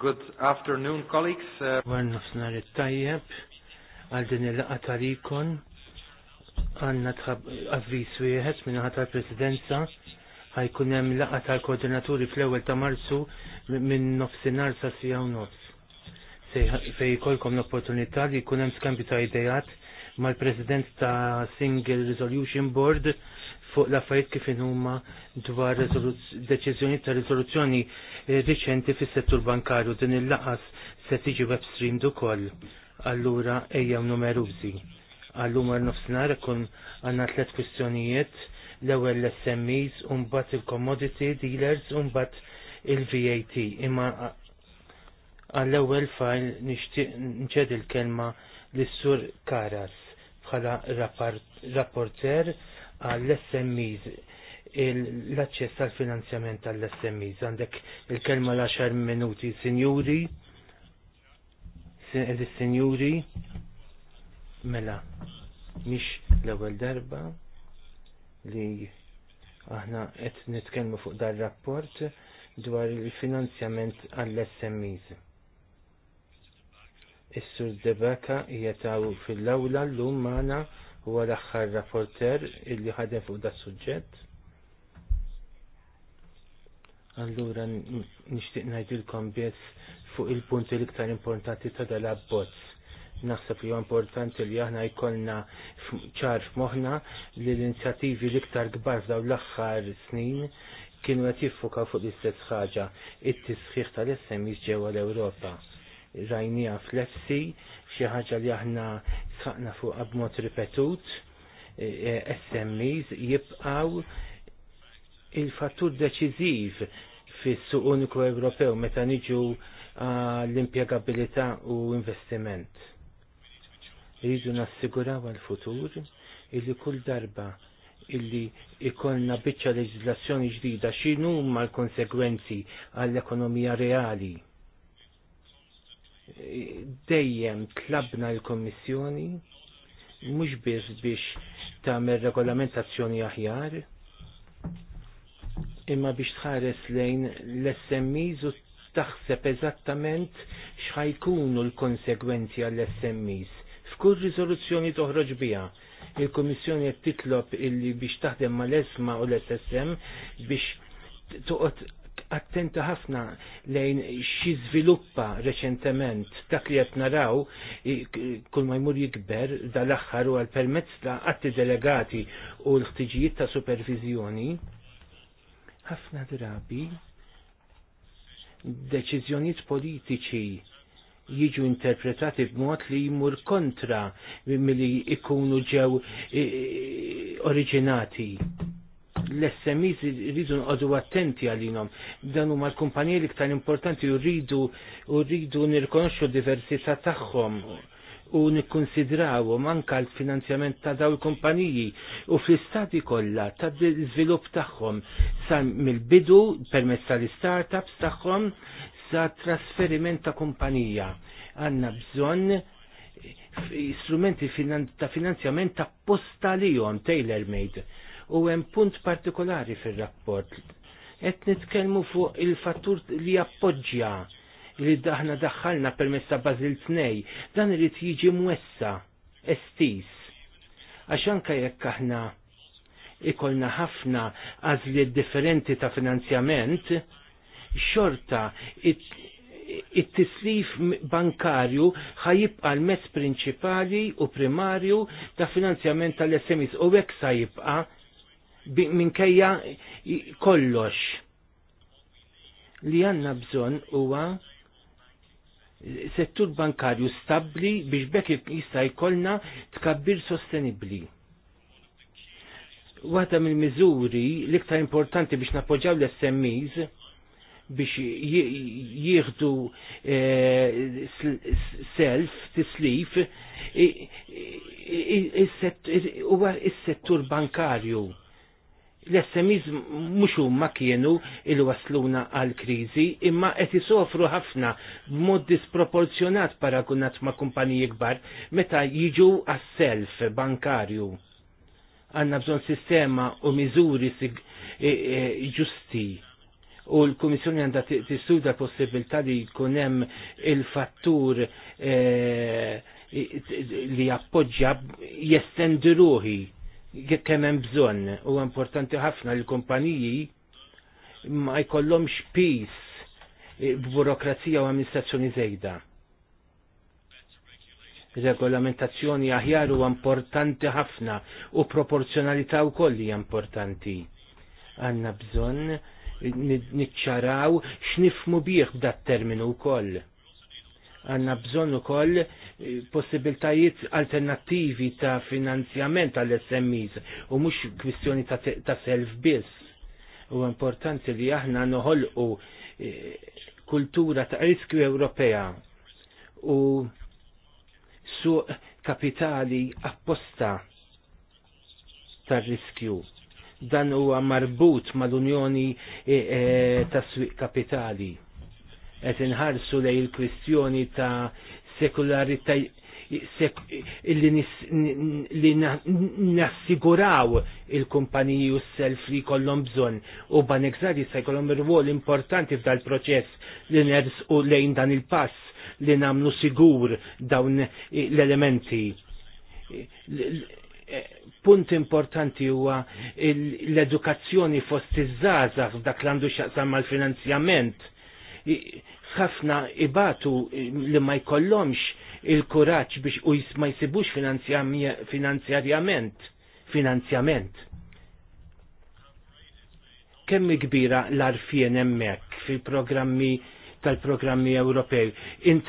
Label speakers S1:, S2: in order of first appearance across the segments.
S1: Good afternoon, colleagues. Għan uh, nafsnar il tajjeb għal din il-laqa tal-ikon għanna avvis wieħed minn ħata presidenza ħajkun hemm laqa tal-koordinaturi fl ewel ta' Marzu minn nofsinhar sa sija u nofs. Fej jkollkom l-opportunità li jkun hemm skambju ta' idejat mal-President ta' Single Resolution Board fuq l-affarijiet kif huma dwar deċiżjoni ta' riżoluzzjoni eh, riċenti fis-settur bankarju din il-laqas se tiġi webstream du ukoll. Allura eja numerużi. Allum għal nofsinhar ikun għandna tliet kwistjonijiet l-ewwel l-SMEs u il-commodity dealers u mbagħad il-VAT. Imma għall-ewwel fajl nixtieq nċedi l-kelma lis-sur Karas bħala rapporter għall-SMEs l-aċċess għal finanzjament għall-SMEs. Għandek il-kelma l-10 minuti, sinjuri, il-sinjuri, eh, mela, mish l-ewel darba li aħna qed nitkellmu fuq dar rapport dwar il-finanzjament għall-SMEs. Is-sur Debaka jetaw fil lawla l-lum magħna huwa l-aħħar rapporter illi ħadem fuq dat suġġett. Allura nixtieq ngħidilkom biss fuq il-punti l-iktar importanti ta' dal-abbozz. Naħseb li importanti li aħna jkollna ċar f'moħħna li l-inizjattivi l-iktar kbar f'daw l-aħħar snin kienu qed jiffukaw fuq l-istess ħaġa, it-tisħiħ tal-SMEs ġewwa l-Ewropa. Rajnija fl-EFSI, xi ħaġa li aħna sħaqna fuq ab'mod ripetut, e, e, SMEs jibqaw il-fattur deċiżiv fis-suq uniku Ewropew meta niġu l-impjegabilità u investiment. Rridu nassiguraw għal-futur illi kull darba illi ikollna biċċa leġislazzjoni ġdida x'inhuma l-konsegwenzi għall-ekonomija reali dejjem tlabna l-Kommissjoni mhux biss biex tagħmel regolamentazzjoni aħjar, imma biex tħares lejn l-SMEs u taħseb eżattament x'ħajkunu l-konsegwenzi għall-SMEs. F'kull riżoluzzjoni toħroġ biha il-Komissjoni qed titlob illi biex taħdem mal-ESMA u l-SSM biex toqgħod attenta ħafna lejn xi żviluppa reċentement dak li qed naraw kull ma jmur jikber dal-aħħar u għal-permezz ta' atti delegati u l-ħtiġijiet ta' supervizjoni ħafna drabi deċiżjonijiet politiċi jiġu interpretati b'mod li jmur kontra milli ikunu ġew oriġinati l-SMEs rridu nqodu attenti għalinom. Dan huma l-kumpaniji li ktar importanti u rridu u rridu nirkonoxxu diversità tagħhom u nikkonsidraw manka l-finanzjament ta' daw il-kumpaniji u fl-istati kollha ta' l żvilupp tagħhom sa mill-bidu permezz tal istartups tagħhom sa trasferiment ta' kumpanija. Għandna bżonn strumenti ta' finanzjament ta' posta li jom tailor made u hemm punt partikolari fir-rapport. Qed nitkellmu fuq il-fattur li appoġġja li daħna daħħalna ta' Bażil tnej, dan irid jiġi mwessa, estis. Għax anke jekk aħna ikolna ħafna għażliet differenti ta' finanzjament, xorta it-tislif bankarju ħajibqa l-mezz prinċipali u primarju ta' finanzjament tal-SMIs u hekk sa jibqa' minkejja kollox. Li għanna bżon huwa settur bankarju stabli biex bekk jista' jkollna tkabbir sostenibbli. Waħda mill-miżuri l-iktar importanti biex napoġġaw l-SMEs biex jieħdu self tislif huwa is-settur bankarju l-SMEs mhux huma kienu il-wasluna għal kriżi imma qed jisofru ħafna b'mod disproporzjonat paragunat ma' kumpaniji kbar meta jiġu għas-self bankarju. Għanna bżonn sistema u miżuri e, e, ġusti u l-Kummissjoni għandha tistuda possibilità li jkun hemm il-fattur e, li appoġġja jestendi ruħi kemm hemm bżonn u importanti ħafna li kumpaniji ma jkollhomx pis e, burokrazija u amministrazzjoni żejda. Regolamentazzjoni aħjar huwa importanti ħafna u proporzjonalità wkoll hija importanti. Għanna bżonn niċċaraw x'nifmu bih b'dat terminu wkoll Għanna bżonn ukoll eh, possibiltajiet alternattivi ta' finanzjament għall smis u mhux kwistjoni ta' self biss. U importanti li aħna noħolqu eh, kultura ta' riskju Ewropea u suq kapitali apposta tar riskju dan huwa marbut mal-Unjoni e, eh, e, tas-Swieq Kapitali qed inħarsu lej il-kwistjoni ta' sekularita' li nassiguraw il-kumpaniji u s-self li kollom bżon u banegżar jista' jkollhom rwol importanti f'dal proċess li ners u lejn dan il-pass li namlu sigur dawn l-elementi punt importanti huwa l-edukazzjoni fost iż-żgħażagħ f'dak l-għandu x'aqsam mal-finanzjament ħafna ibatu li ma jkollhomx il-kuraġġ biex u ma jsibux finanzjarjament finanzjament. Kemm kbira l-arfien hemmhekk fil-programmi tal-programmi Ewropew. Int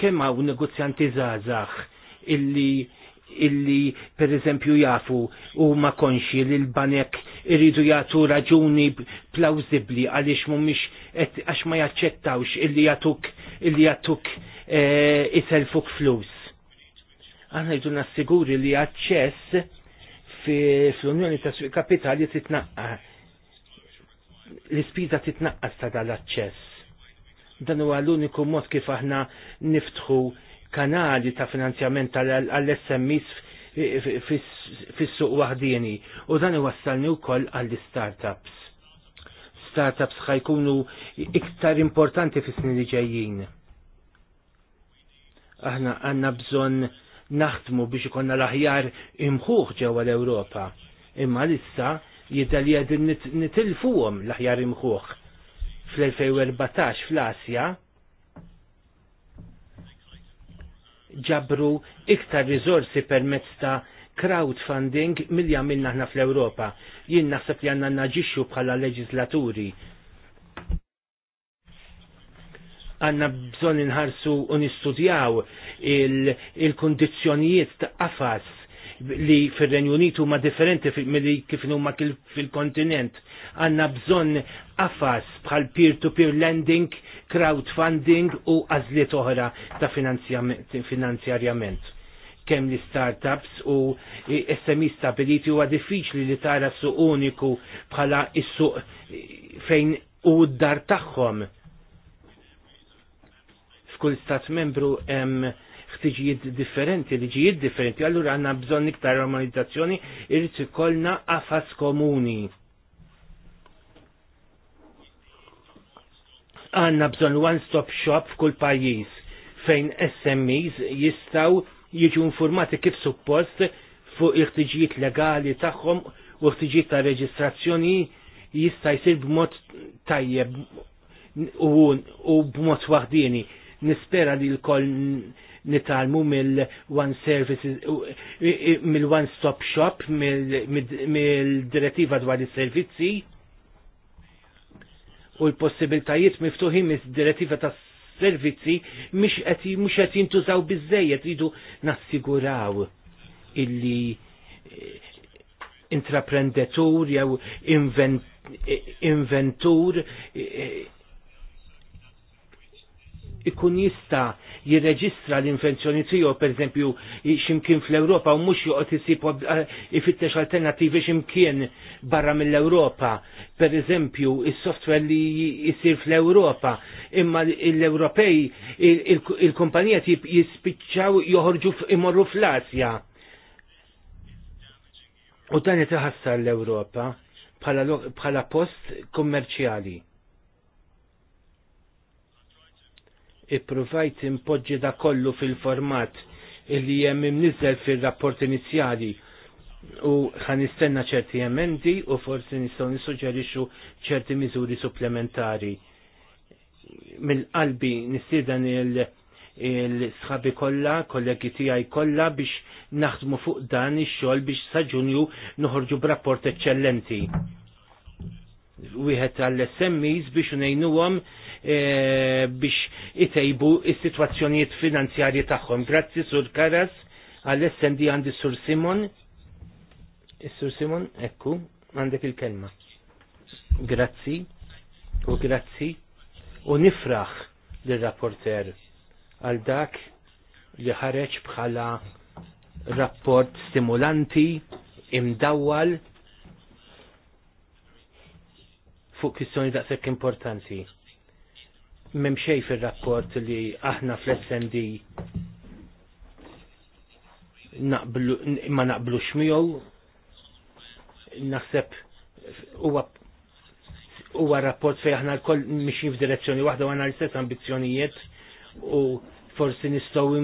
S1: kemm hawn negozjanti zazax illi illi per eżempju jafu u ma konxi li l-banek irridu jagħtu raġuni plawzibli għaliex mhumiex għax ma jaċċettawx illi jatuk illi jatuk e, eh, iselfuk flus. Aħna jdu nassiguri li aċċess fl-Unjoni ta' Suq Kapitali titnaqqa. L-ispiża titnaqqas ta' l aċċess Dan huwa l-uniku mod kif aħna niftħu kanali ta' finanzjament għall-SMIs fis-suq waħdieni u dan iwassalni wkoll għall-startups. Startups ħajkunu iktar importanti fis-snin li ġejjin. Aħna għandna bżonn naħdmu biex ikonna l-aħjar imħuħ ġewwa l-Ewropa. Imma lissa jidal li qegħdin nitilfuhom l-aħjar imħuħ. Fl-2014 fl-Asja ġabru iktar rizorsi permezz ta' crowdfunding milli għamilna ħna fl-Ewropa. Jien naħseb li għanna naġixxu bħala leġislaturi. Għanna bżon inħarsu unistudjaw il-kondizjonijiet il ta' qafas li fir-Renju Unitu ma differenti milli kif huma fil-kontinent. Għandna bżonn qafas bħal peer-to-peer lending, crowdfunding u għażliet oħra ta' finanzjarjament kemm li startups u SMI stabiliti huwa diffiċli li tara su uniku bħala is-suq fejn u d-dar tagħhom. F'kull stat membru hemm ħtiġijiet differenti, liġijiet differenti, allura għanna bżonn iktar armonizzazzjoni irrid ikollna għafas komuni. Għanna bżonn one-stop shop f'kull pajjiż fejn SMEs jistaw jiġu informati kif suppost fuq il-ħtiġijiet legali tagħhom u iħtiġijiet ta' reġistrazzjoni jista' jsir b'mod tajjeb u, u b'mod waħdini. Nispera li l-koll nitalmu mill-one services, mill-one stop shop, mill-direttiva dwar is-servizzi u l-possibiltajiet miftuħin mis-direttiva tas servizzi mhux qed jintużaw biżejjed jridu nassiguraw illi eh, intraprendetur jew eh, inventur eh, ikun jista jirreġistra l-invenzjoni tiegħu pereżempju x'imkien fl-Ewropa u mhux joqgħod isib eh, ifittex alternattivi x'imkien barra mill-Ewropa. Pereżempju is-software li jsir fl-Ewropa imma l-Ewropej il-kumpanija jispiċċaw joħorġu imorru fl-Asja. U dan jitħassar l-Ewropa bħala post kummerċjali ippruvajt impoġġi da kollu fil-format illi jem imnizzel fil-rapport inizjali u xanistenna ċerti emendi u forsi nistgħu nissuġġerixxu ċerti miżuri supplementari. Mill-qalbi nistidan il-sħabi kollha, kollegi tiegħi kollha biex naħdmu fuq dan ix-xogħol biex sa Ġunju noħorġu b'rapport eċċellenti. Wieħed għall-SMEs biex ngħinuhom Eh, biex itejbu is-sitwazzjonijiet finanzjarji tagħhom. Grazzi Sur Karas, għall-SND għandi Sur Simon. Is-Sur Simon, ekku, għandek il-kelma. Grazzi, u grazzi, u nifraħ l-rapporter għal dak li ħareġ bħala rapport stimulanti, imdawwal, fuq kwistjoni daqshekk importanti memxej fil-rapport li aħna fl-SND ma naqblux miegħu naħseb huwa rapport fejn aħna l-koll mixi f'direzzjoni waħda u għana l-istess ambizzjonijiet u forsi nistgħu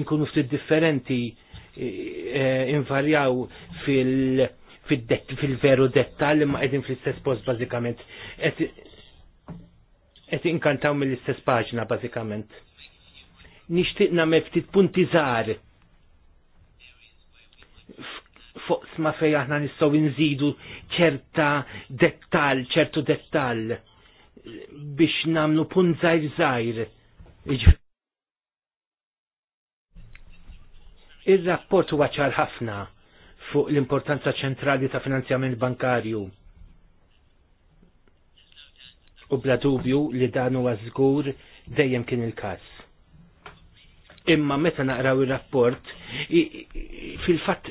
S1: inkunu ftit differenti eh, invarjaw fil- fil-veru dettal imma qegħdin fl-istess post bażikament qed inkantaw mill-istess paġna bażikament. Nixtieq nagħmel ftit punti żgħar fuq sma fej aħna nistgħu nżidu ċerta dettal, ċertu dettal biex namlu punt żgħir żgħir. Ir-rapport huwa ċar ħafna fuq l-importanza ċentrali ta' finanzjament bankarju u bla dubju li dan huwa żgur dejjem kien il-każ. Imma meta naqraw ir-rapport fil-fatt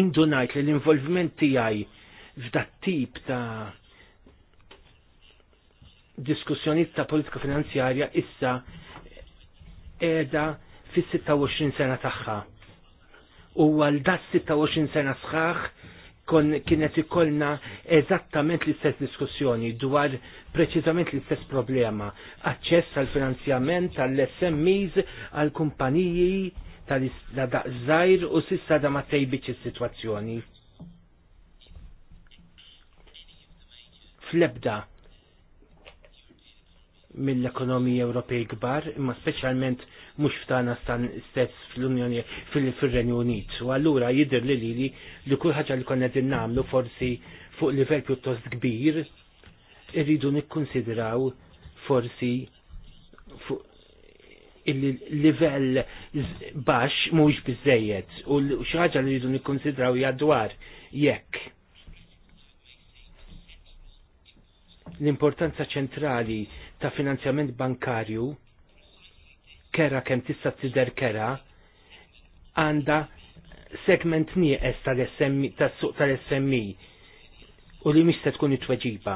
S1: indunajt li l-involviment tiegħi f'dat tip ta' diskussjoniet ta' politika finanzjarja issa edha fis-26 sena tagħha. U għal dat 26 sena sħaħ kienet ikollna eżattament l-istess diskussjoni dwar preċiżament l-istess problema. Aċċess għal finanzjament għall-SMEs għal kumpaniji tal-daqżajr u sissa da ma tejbiċ is-sitwazzjoni. Flebda mill ekonomi Ewropej kbar, imma speċjalment mhux ftana stan stess fl-Unjoni fil-Renju Unit. U allura jidr li li li li ħaġa li konna din nagħmlu forsi fuq livell pjuttost kbir irridu nikkonsidraw forsi fuq il-livell baxx mux biżejjed u xi ħaġa li rridu nikkonsidraw jadwar jekk. l-importanza ċentrali ta' finanzjament bankarju kera kem tista' tidher kera għandha segment nieqes tal-SMI tas-suq tal-SMI u li mista se tkun it-tweġiba.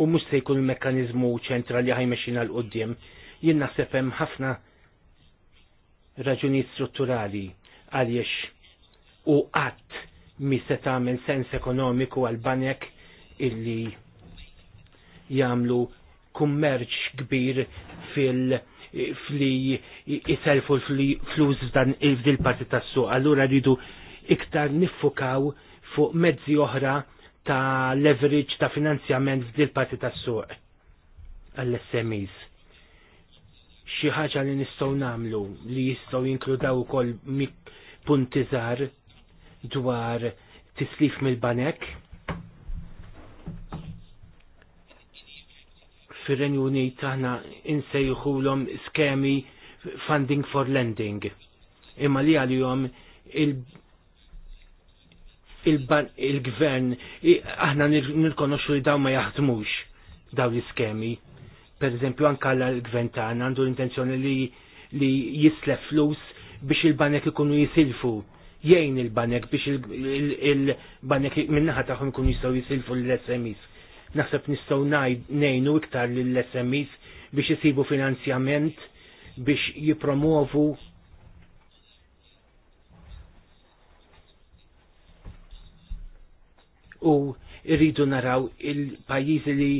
S1: U mhux se jkun il-mekkaniżmu ċentrali ħajmexxina l qudiem jien naħseb hemm ħafna raġunijiet strutturali għaliex u qatt mi se tagħmel sens ekonomiku għal banek illi jagħmlu kummerċ kbir fil- fli jiselfu flus f'dan il parti tas-suq. Allura rridu iktar niffukaw fuq mezzi oħra ta' leverage ta' finanzjament f'dil parti tas-suq għall-SMEs. Xi ħaġa li nistgħu nagħmlu li jistgħu jinkludaw ukoll punti żgħar dwar tislif mill-banek fir-Renju Unit aħna insejħulhom skemi funding for lending. Imma li għal il-gvern aħna nirkonoxxu li dawn ma jaħdmux dawn l-iskemi. Per eżempju anka l-gvern tagħna għandu l-intenzjoni li li jislef flus biex il-banek ikunu jisilfu jgħin il-banek biex il-banek minnaħat taħħom kun jistaw jisilfu l-SMIs Naħseb nistgħu ngħinu iktar lill-SMEs biex isibu finanzjament biex jipromovu u irridu naraw il-pajjiżi li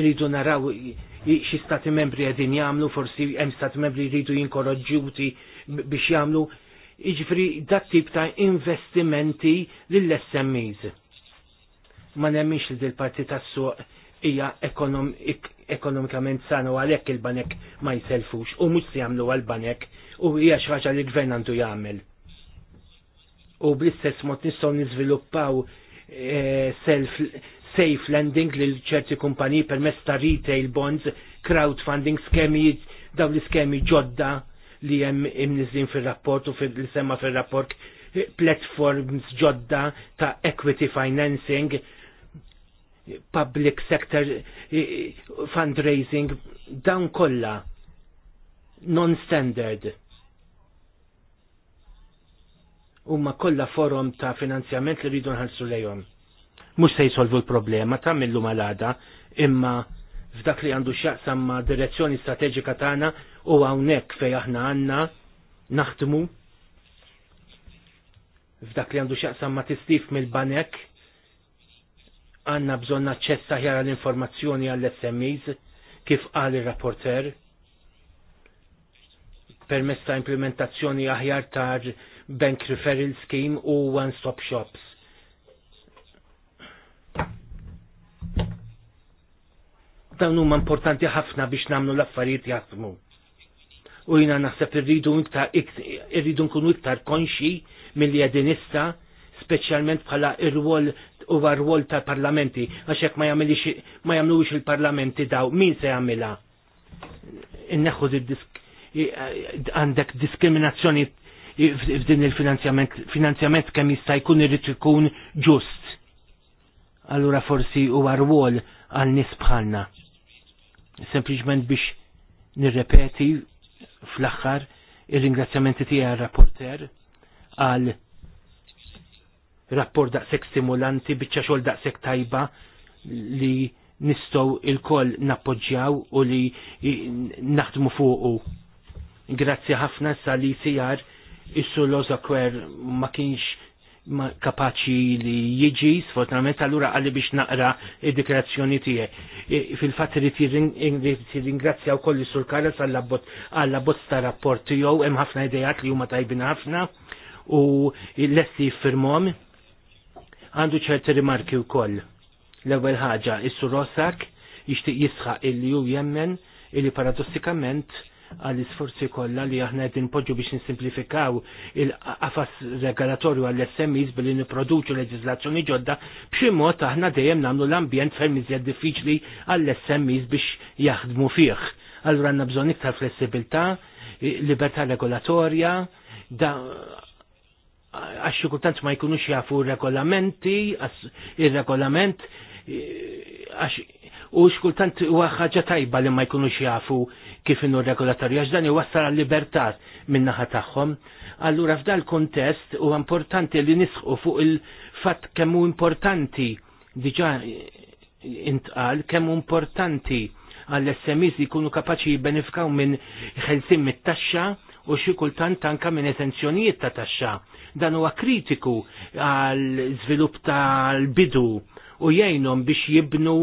S1: irridu naraw xi stati membri qegħdin jagħmlu, forsi hemm stati membri jridu jinkoraġġuti biex jagħmlu. Jiġifieri dat tip ta' investimenti lill-SMEs ma nemmix li dil-parti tas-suq hija ekonomikament sana u għalhekk il-banek ma jselfux u mhux se jagħmlu għall-banek u hija xi ħaġa li gvern għandu jagħmel. U bl-istess mod nistgħu niżviluppaw eh, self safe lending lil ċerti kumpaniji permezz ta' retail bonds, crowdfunding skemi, daw l-iskemi ġodda li hemm imnizin fir-rapport u li semma fir-rapport platforms ġodda ta' equity financing public sector fundraising dawn kollha non-standard. Umma kollha forum ta' finanzjament li rridu nħallsu lejhom. Mhux se jsolvu l-problema ta' millu malada, imma f'dak li għandu x'jaqsam ma' direzzjoni strateġika tagħna u hawnhekk fejn aħna għandna naħdmu f'dak li għandu x'jaqsam ma' tistif mill-banek għanna bżonna naċċessa ħjar l-informazzjoni għall-SMEs kif qal ir-rapporter permess ta' implementazzjoni aħjar ta' Bank Referral Scheme u One Stop Shops. Dawn huma importanti ħafna biex nagħmlu l-affarijiet jaħdmu. U jina naħseb irridu iktar irridu nkunu iktar konxi milli qegħdin issa speċjalment bħala ir-rwol u rwol tal-parlamenti, għax jekk ma jagħmlux il-parlamenti daw, min se jagħmilha? Inneħħu għandek diskriminazzjoni f'din il-finanzjament, finanzjament kemm jista' jkun irid ikun ġust. Allura forsi huwa rwol għal nies bħalna. Sempliċment biex nirrepeti fl-axħar il-ringrazzjamenti tija rapporter għal rapport daqsek stimulanti, bieċa xol daqsek tajba li nistow il-koll nappoġġjaw u li naħdmu fuqu. Grazzi ħafna sa li sijar issu l kwer ma kienx kapaċi li jiġi, sfortunament allura għalli biex naqra id-dikrazzjoni tijie. Fil-fat li t-ringrazzjaw kolli sur karas għall-abbozz ta' rapport tijow, hemm ħafna idejat li huma tajbin ħafna u l-lessi firmom għandu ċerti rimarki wkoll. L-ewwel ħaġa, issu Rossak jixtieq jisħaq il-ju jemmen illi paradossikament għall isforzi kollha li aħna qed inpoġġu biex nisimplifikaw il-qafas regolatorju għall smis billi niproduċu leġiżlazzjoni ġodda b'xi mod aħna dejjem nagħmlu l-ambjent fejn iżjed diffiċli għall smis biex jaħdmu fih. Allura għandna bżonn iktar flessibilità, libertà regolatorja, da għax kultant ma jkunux jafu regolamenti, il-regolament, għax u xkultant huwa ħaġa tajba li ma jkunux jafu kif inhu regolatorju għax dan iwassal għal-libertà min-naħa tagħhom. Allura f'dal kontest huwa importanti li nisħu fuq il-fatt kemm hu importanti diġà intqal kemm hu importanti għall smis jkunu kapaċi jibbenifkaw minn ħelsim mit-taxxa u xi kultant tanka minn esenzjonijiet ta' taxxa. Dan huwa kritiku għal żvilupp tal-bidu u jgħinhom biex jibnu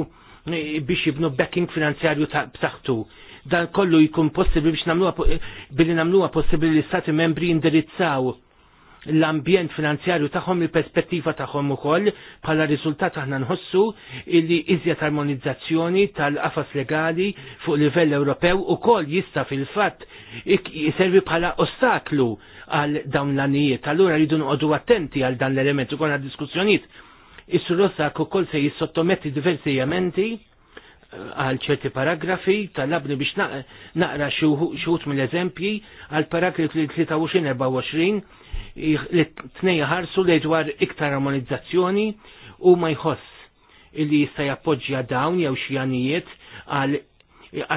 S1: biex jibnu backing finanzjarju b'saħħtu. Dan kollu jkun possibbli biex namluha billi namluha possibbli li stati membri indirizzaw l-ambjent finanzjarju tagħhom il-perspettiva tagħhom ukoll bħala riżultat aħna nħossu illi iżjed armonizzazzjoni tal-qafas legali fuq livell Ewropew ukoll jista' fil-fatt jiservi bħala ostaklu għal dawn l-anijiet. Allura rridu nqogħdu attenti għal dan l-element ukoll għad diskussjonijiet. Is-surossak ukoll se jissottometti diversi jamenti eh, għal ċerti paragrafi tal-labni biex naqra xuħut mill-eżempji għal paragrafi 23-24 li t-tnej ħarsu li dwar iktar armonizzazzjoni u ma jħoss li jista' jappoġġja dawn jew xjanijiet għal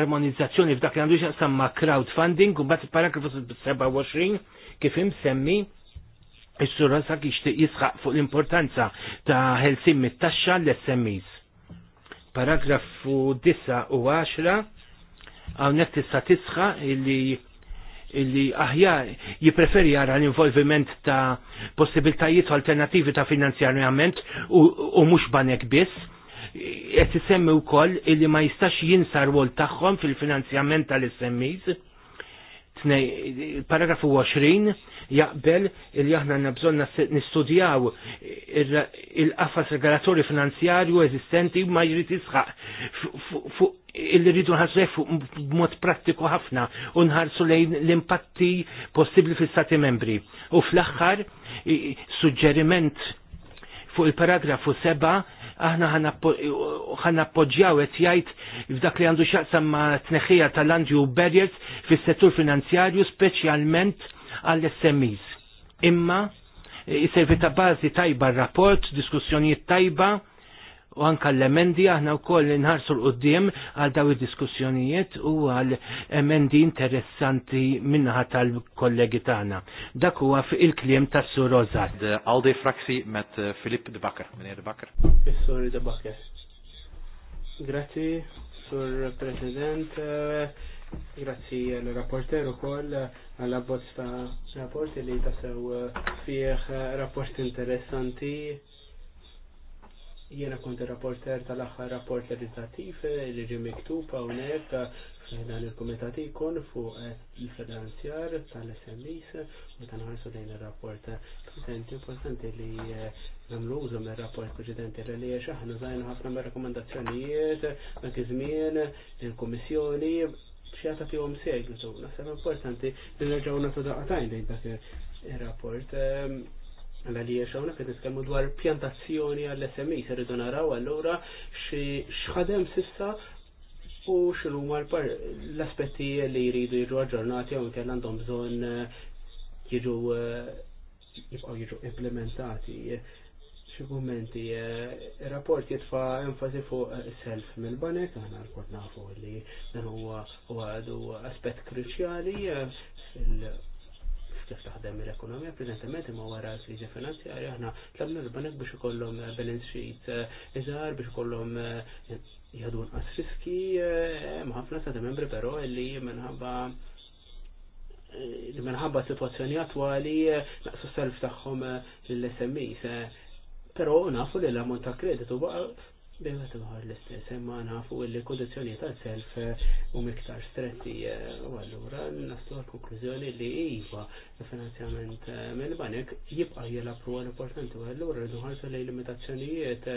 S1: armonizzazzjoni f'dak li għandu samma crowdfunding u bat paragrafu 27 kif semmi Is-sura sa jixtieq jisħaq fuq l-importanza ta' ħelsim mit-taxxa l-SMEs. Paragrafu 9 u 10 hawnhekk tista' tisħaq illi illi aħjar jipreferi jara l-involviment ta' possibiltajiet alternativi ta' finanzjarjament u, u mux banek biss qed isemmi wkoll illi ma jistax jinsar wol tagħhom fil-finanzjament tal-SMEs paragrafu 20 jaqbel il aħna bżonna nistudjaw il-qafas regolatorju finanzjarju eżistenti ma jrid jisħaq fuq il-ridu rridu fuq b'mod prattiku ħafna u nħarsu lejn l-impatti possibbli fil-Stati membri. U fl-aħħar suġġeriment fuq il-paragrafu 7 aħna appoġġjaw qed jgħid f'dak li għandu x'aqsam ma' tneħħija tal-andju barriers fis-settur finanzjarju speċjalment għall-SMEs. Imma is ta' bażi tajba r-rapport, diskussjonijiet tajba u anka l-emendi aħna wkoll nħarsu l-qoddim għal daw id-diskussjonijiet u għal emendi interessanti minnaħa tal-kollegi tagħna. Dak huwa fi il-kliem tas sur Rozat. Għaldi fraksi met Filip eh, de Bakker, Minir de Bakker. sur de Bakker. Grazzi,
S2: Sur President, Grazie għal rapporter u koll għal-abbozz ta' rapporti li tasew eh, fih eh, rapporti interessanti Jena kont rapporter tal-axħar rapport legislativ li ġi miktub hawnhekk dan il-kumitat ikun fuq il-finanzjar tal-SMIs u tanħarsu lejn ir-rapport. Kont importanti li eh, nagħmlu użu mir-rapport preċedenti li għax aħna żgħin ħafna mir-rakkomandazzjonijiet ma kizmien il-Kummissjoni xjata għom segwitu. Naħseb importanti li nerġgħu nagħtu daqatajn lejn dak ir-rapport għal-għalija xawna, kħed nitkellmu dwar pjantazzjoni għall-SMI, e, s-ridu naraw allura xħadem sissa u par l-aspetti li jridu jiġu aġġornati għon kell għandhom bżonn eh, jiġu eh, jibqaw jiġu implementati. Xi kummenti, eh, rapport jitfa enfasi fuq self mill-banek, aħna rkod nafu li dan huwa għadu aspett kruċjali kif taħdem l-ekonomija, preżentament imma wara l-kriġi finanzjarja aħna tlabna l-banek biex ikollhom eh, balance sheet eh, iżgħar biex ikollhom eh, jgħadu nqas riski ma' ħafna stati membri però li minħabba li minħabba situazzjoni attwali naqsu self tagħhom lill-SMI. Però nafu li l-ammont ta' kreditu Bejla tuħar l-istess, imma nafu li kondizjoni ta' self eh, u miktar stretti eh, u għallura nastu għal-konklużjoni li jiva finanzjament eh, minn banek jibqa jela pruwa l-importanti u għallura nħarsu li limitazzjonijiet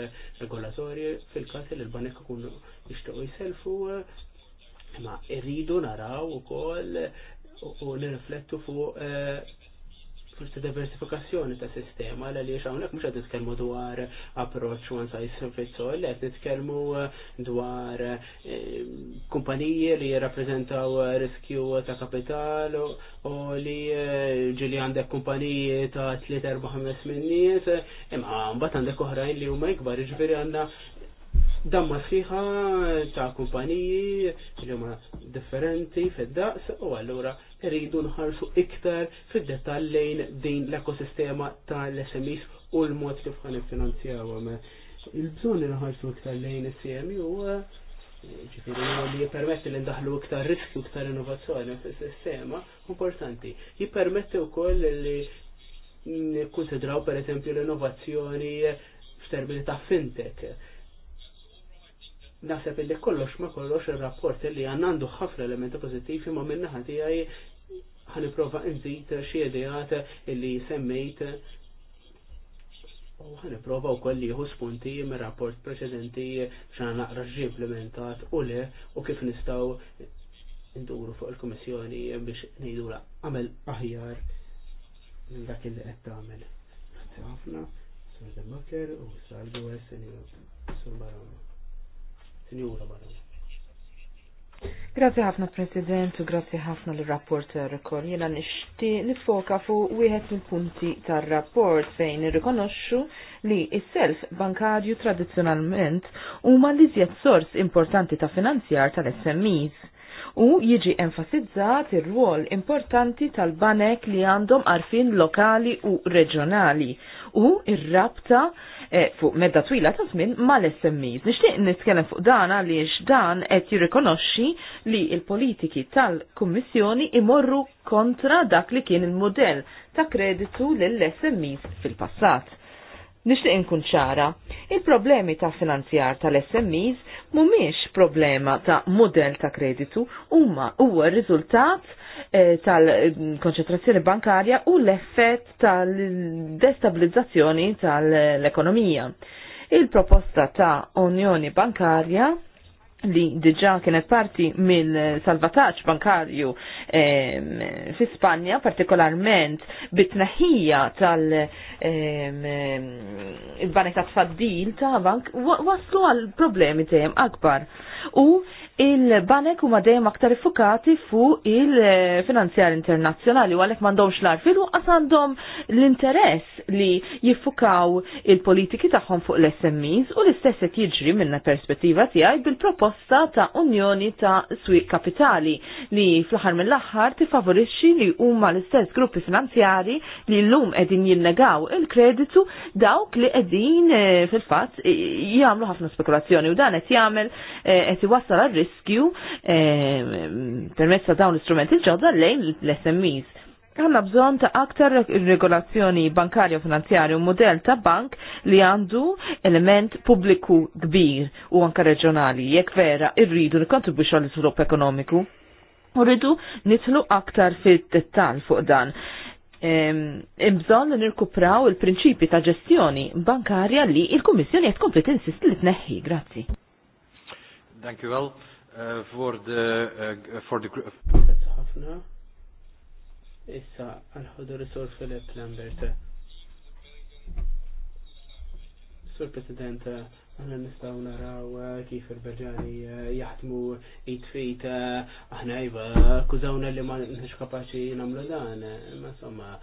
S2: regolatorji fil-kas li l-banek kun jishtuqu jiselfu ma irridu naraw u kol u nirriflettu fuq forse diversifikazzjoni ta' sistema l għaliex hawnhekk mhux qed nitkellmu dwar approach one size fits all, qed nitkellmu dwar ehm, kumpaniji li jirrappreżentaw riskju ta' kapital u li eh, ġili għandek kumpaniji ta' 3-4-5 min nies, imma mbagħad għandek oħrajn li huma ikbar, jiġifieri għandna damma sħiħa ta' kumpaniji li huma differenti fid-daqs u allura rridu nħarsu iktar fid-detal lejn din l-ekosistema tal-SMEs u l-mod kif ħan finanzjaw Il-bżon li nħarsu iktar lejn is cmu u ġifiri li jipermetti li ndaħlu iktar riskju, iktar innovazzjoni fis-sistema importanti. Jipermetti wkoll li konsidraw per eżempju l-innovazzjoni f'termini ta' fintech. Naħseb li kollox ma kollox il rapport li għandu ħafna elementi pożittivi ma minnaħa tiegħi ħaniprofa nżid xi ideat illi semmejt u ħaniprofa wkoll jieħu spunti mir rapport preċedenti b'xan naqra implementat u le u kif nistgħu nduru fuq il-Kummissjoni biex ngħidula għamel aħjar minn dak li qed tagħmel. Grazzi ħafna, Sur Maker, u Sal Gwes Sur Barama. Sinjura Barama.
S3: Grazzi ħafna President u grazzi ħafna l-rapporter ukoll. jena nishti nifoka fuq wieħed mill-punti tar-rapport fejn irrikonoxxu li s-self bankarju tradizzjonalment huma l-iżjed sors importanti ta' finanzjar tal-SMEs u jiġi enfasizzat ir-rwol importanti tal-banek li għandhom arfin lokali u reġjonali u ir-rabta Eh, fuq medda twila ta' żmien mal-SMEs. Nixtieq nitkellem fuq dan għaliex dan qed jirrikonoxxi li l-politiki tal-Kummissjoni imorru kontra dak li kien il-modell ta' kreditu lill-SMEs fil-passat. Nixtieq inkun ċara, il-problemi ta' finanzjar tal-SMEs mhumiex problema ta' modell ta' kreditu huma huwa r-riżultat Eh, tal-konċentrazzjoni bankarja u l-effett tal-destabilizzazzjoni tal-ekonomija. Il-proposta ta' Unjoni Bankarja li diġa kienet parti mill-salvataċ bankarju eh, fi Spanja, partikolarment bitnaħija tal-banek ehm, ta' tfaddil ta' bank, waslu għal problemi dejjem akbar. U il-banek huma dejjem aktar fukati fu il-finanzjar internazzjonali u għalhekk m'għandhomx l-arfil għasandom għandhom l-interess li jiffukaw il-politiki tagħhom fuq l-SMEs u l-istess qed jiġri minna perspettiva tiegħi bil propo proposta ta' unjoni ta' swi kapitali li fl-aħħar mill-aħħar tifavorixxi li huma l-istess gruppi finanzjari li llum qegħdin jinnegaw il-kreditu dawk li qegħdin eh, fil-fatt jagħmlu ħafna spekulazzjoni u dan qed jagħmel eh, qed iwassal għar-riskju eh, permezz ta' dawn l-istrumenti ġodda lejn l-SMEs għanna bżon ta' aktar regolazzjoni bankarja finanzjarju model ta' bank li għandu element pubbliku kbir u anka reġjonali jekk vera irridu nikontribwixxu għall iżvilupp ekonomiku. U rridu nitlu aktar fit-dettal fuq dan. Imbżon li nirkupraw il-prinċipi ta' ġestjoni bankarja li il-Kummissjoni qed kompli tinsist li tneħħi. Grazzi.
S1: Dank uh, for the, uh, for the
S2: issa għal-ħodu risor Filip Lambert. Sur President, għanna nistaw naraw eh, kif il-Berġani eh, jaħdmu jitfit, eh, aħna jiva, kużawna li ma nix kapaxi namlu dan, ma somma,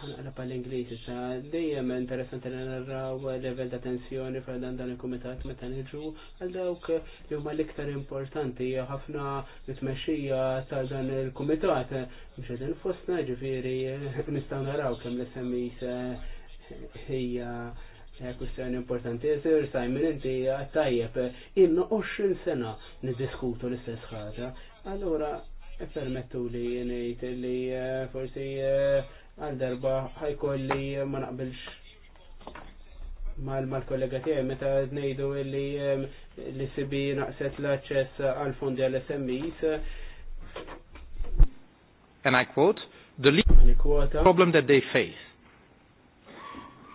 S2: ħanqra pal-Ingliż issa dejjem interessanti li narraw level ta' tensjoni fra dan dan il-kumitat meta niġu għal dawk li huma l-iktar importanti ħafna mitmexxija ta' dan il-kumitat mhux qegħdin fostna ġifieri nistgħu naraw kemm l-SMIs eh, hija eh, kwistjoni importanti. Sir Simon, inti eh, tajjeb, inna 20 sena niddiskutu l-istess ħaġa. Allura, e permettu li ngħid li forsi għal darba ħajkolli ma naqbilx mal-kollega tiegħi meta ngħidu li li sibi naqset l-aċċess għal fondi għal SMEs.
S1: And I quote, the legal problem that they face.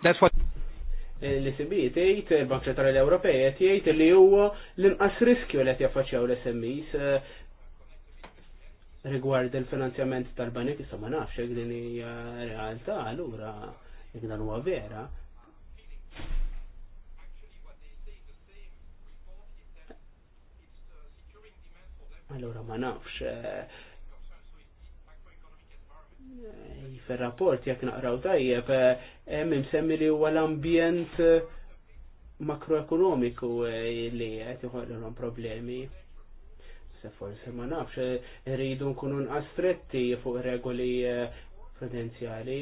S1: That's what
S2: eh, l-ECB tgħid il-Bank Ċentrali Ewropej qed jgħid li huwa l-inqas riskju li qed jaffaċċjaw l-SMEs eh, rigward il-finanzjament tal-banek, issa ma nafx jek din hija realtà, allura jek dan huwa vera. Allura ma nafx. Eh, eh, Fil-rapport jek naqraw tajjeb, eh, hemm imsemmi li huwa l-ambjent makroekonomiku li qed joħolhom problemi. Se forsi ma nafx, eh, rridu nkunu nqastretti fuq regoli eh, prudenzjali.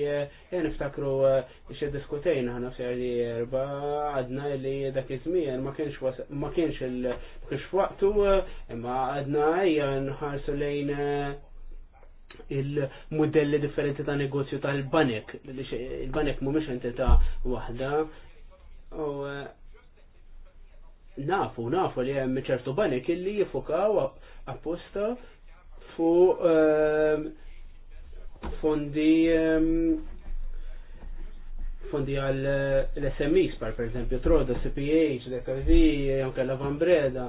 S2: e niftakru xe diskutejna ħana fjardi erba għadna li dak iż-żmien ma kienx il waqtu imma għadna hija nħarsu lejn il-modelli differenti ta' negozju tal-banek. Il-banek mhumiex entità waħda nafu, nafu li hemm ċertu banek illi jifukaw apposta fu ehm, fondi ehm, fondi għal eh, l-SMEs par per esempio Troda, CPH, DKV, anke la Van Breda.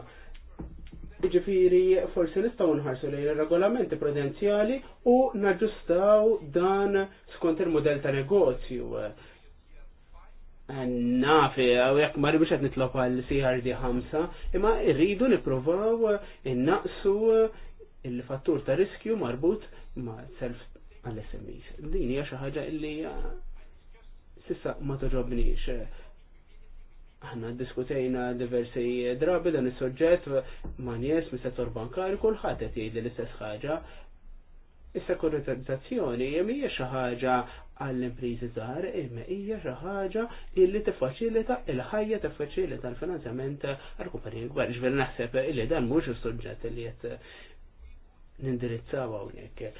S2: Ġifiri, forse nistaw nħarsu lejn regolamenti prudenzjali u naġustaw dan skont il-modell ta' negozju Nafi, u jekk ma rridux qed nitlob għal CRD 5, imma rridu nippruvaw innaqsu il-fattur ta' riskju marbut ma' self għall smis Din hija xi ħaġa li sissa ma toġobniex. Aħna diskutejna diversi drabi dan is-soġġett ma' nies mis-settur bankarju kulħadd qed jgħid l-istess ħaġa Is-sekuritizzazzjoni hija xi ħaġa għall-impriżi żgħar imma hija xi ħaġa illi tiffaċilita il-ħajja tiffaċilita l-finanzjament għal kumpaniji kbar. Ġifier naħseb illi dan mhux is-suġġett li qed nindirizzaw hawnhekk.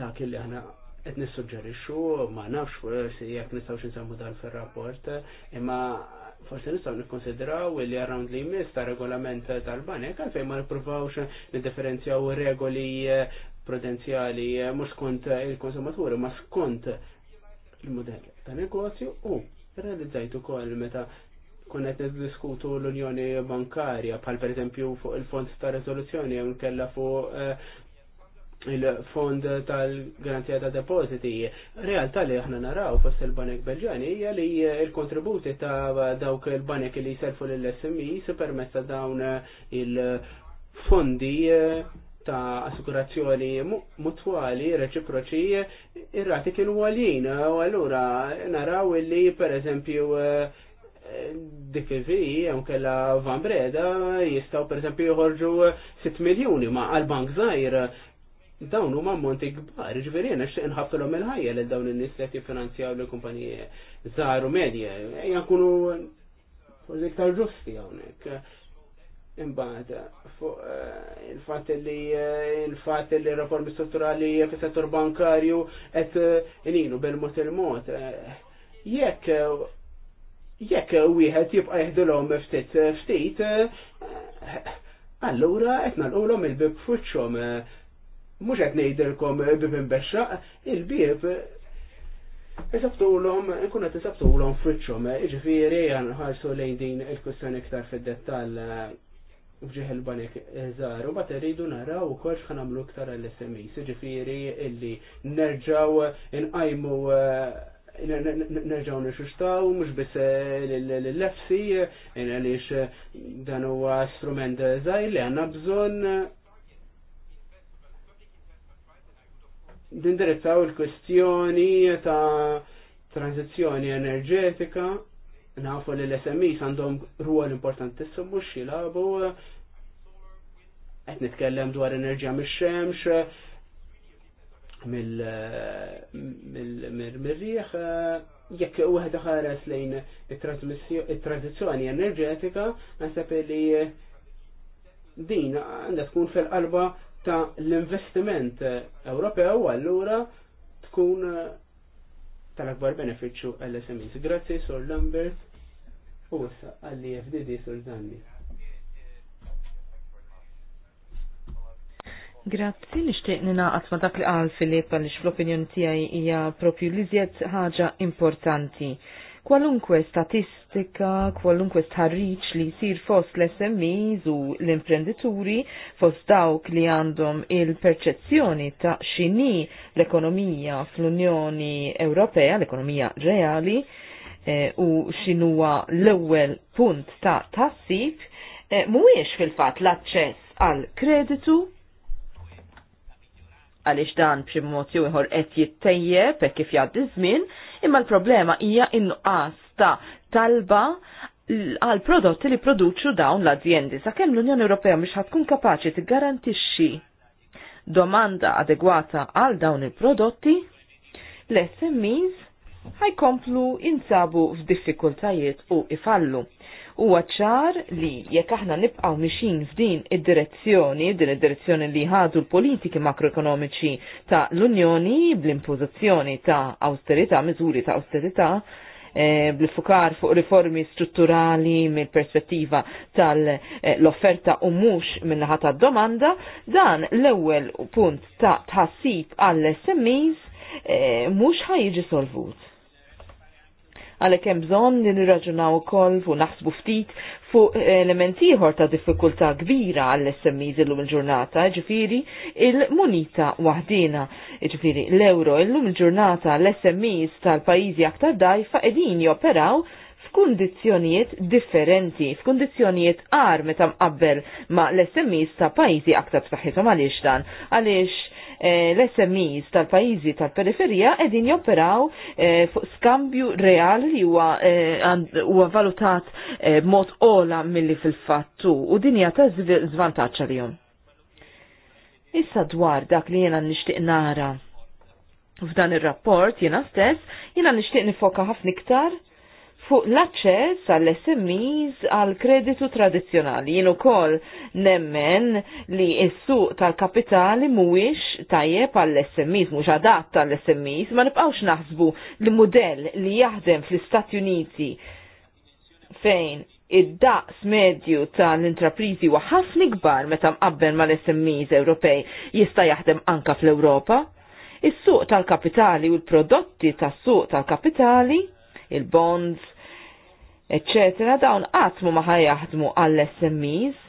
S2: Dak illi aħna qed nissuġġerixxu ma nafx forsi jekk nistgħux insemmu dan fir-rapport, imma forse nistaw nikkonsidraw li around li jmiss ta' regolament tal-banek, għalfej ma niprofawx nidifferenzjaw regoli prudenzjali eh, mhux kont il-konsumaturi ma skont il-modell ta' negozju u realizzajt ukoll meta konet diskutu l-Unjoni Bankarja bħal pereżempju fuq il-fond ta' Resoluzjoni, jew kella fuq eh, il-fond tal-garanzija ta' depositi. Realtà li aħna naraw fost il-Banek Belġani hija li il-kontributi ta' dawk il-banek li jserfu lill smi permezz dawn il-fondi eh, ta' assikurazzjoni mutwali reċiproċi irrati rati kienu għalin u allura naraw li per eżempju eh, DKV jew kella Van Breda jistaw per eżempju jħorġu 6 miljoni ma' għal-bank zaħir. dawn huma ammonti kbar, ġifieri jiena xtieq nħaffilhom il-ħajja lil dawn in-nies qed jiffinanzjaw lil kumpaniji żgħar u medja, ejja nkunu iktar ġusti hawnhekk. Imbagħad fuq eh, il fat li eh, il fat li reformi strutturali fis-settur bankarju qed eh, ininu bil-mod il-mod. Jekk jekk wieħed jibqa' jeħdilhom ftit ftit, allura qed nagħlqulhom il-bib fuċċhom. Mhux qed ngħidilkom bib imbexxaq, il-bib Isabtulom, kuna qed fritxom, ġifiri għan ħarsu lejn din il kwistjoni iktar fid-dettall fġieħ il-banek zaħru, eh, bat rridu naraw u kol xħan għamlu ktar l-SMI, e. ġifiri illi nerġaw inqajmu eh, nerġaw nixuxtaw, mux bis eh, l-lefsi, għalix dan huwa strument zaħir li għanna bżon dindirizzaw il-kwestjoni ta' transizjoni enerġetika nafu li l-SMEs għandhom ruol importantissimu mux jilabu għet nitkellem dwar enerġija mis xemx mill-mirriħ, jekk u għed ħares lejn il-tradizjoni enerġetika, għasab li din għanda tkun fil-qalba ta' l-investiment Ewropew, allura tkun tal-akbar beneficju għall-SMEs. Grazie, Sol Lambert. U issa għalli FDD Surzanni.
S3: Grazzi li xtieq ninaqat ma dak li qal Filip għaliex fl-opinjoni tiegħi hija propju li zjed ħaġa importanti kwalunkwe statistika, kwalunkwe stħarriċ li sir fost l-SMEs u l-imprenditori fost dawk li għandhom il-perċezzjoni ta' xini l-ekonomija fl-Unjoni Ewropea, l-ekonomija reali, Eh, u xinuwa l-ewwel punt ta' tassib e, mhuwiex fil-fatt l-aċċess għal kreditu għaliex dan b'xi mod ieħor qed pe hekk kif jgħaddi żmien, imma l-problema hija innuqqas ta' talba għal prodotti li produċu dawn l-azjendi sakemm l-Unjoni Ewropea mish ħatkun kapaċi tiggarantixxi domanda adegwata għal dawn il-prodotti, l-SMEs ħajkomplu insabu f'diffikultajiet u ifallu. Huwa ċar li jekk aħna nibqgħu mixin f'din id-direzzjoni, din id-direzzjoni li ħadu l-politiki makroekonomiċi ta' l-Unjoni bl-impożizzjoni ta' austerità, miżuri ta' austerità, eh, bl-fukar fuq riformi strutturali mill perspettiva tal-offerta u mux minn ħata domanda, dan l ewwel punt ta' tħassib għall-SMEs eh, mhux mux ħajġi solvut għalhekk hemm bżonn li nirraġunaw ukoll u naħsbu ftit fuq elementi ieħor ta' diffikultà kbira għall-SMEs illum il-ġurnata, ġifieri il-munita waħdina. Ġifieri l-euro illum il-ġurnata l-SMEs tal-pajjiżi aktar dajfa qegħdin joperaw f'kundizzjonijiet differenti, f'kundizzjonijiet għar meta mqabbel ma l-SMEs ta' pajjiżi aktar b'saħħithom għaliex dan, għaliex Eh, l-SMEs tal-pajizi tal-periferija edin joperaw eh, fuq skambju real li huwa eh, valutat mod ola milli fil-fattu u dinja ta' zvantaċa li Issa dwar dak li jena nishtiq nara f'dan ir-rapport jiena stess jiena nixtieq nifoka ħafna iktar fuq l-aċċess għall smis għal kreditu tradizjonali. Jien ukoll nemmen li s-suq tal-kapitali mhuwiex tajjeb għall smis mhux adatt għall smis ma nibqgħux naħsbu li mudell li jaħdem fl-Istati Uniti fejn id-daqs medju tal-intraprizi huwa ħafna kbar meta mqabbel mal-SMEs Ewropej jista' jaħdem anka fl-Ewropa. Is-suq tal-kapitali u l-prodotti tas-suq tal-kapitali, il-bonds, eccetera, dawn għatmu maħa jaħdmu għall-SMEs,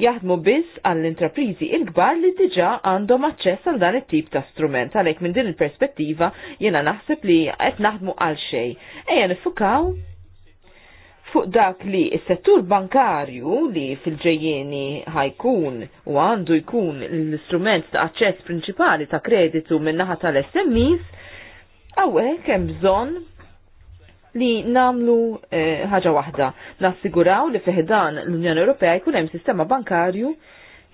S3: jaħdmu biss għall-intraprizi il-kbar li diġa għandhom aċċess għal dan it-tip ta' strument, għalek minn din il-perspettiva jena naħseb li qed naħdmu għal xej. Ejja nifukaw fuq dak li s-settur bankarju li fil-ġejjeni ħajkun u għandu jkun l-istrument ta' aċċess prinċipali ta' kreditu minn naħa tal-SMEs, għawek hemm bżonn li namlu eh, ħaġa eh, waħda. Nassiguraw li fiħdan l-Unjoni Ewropea jkun hemm sistema bankarju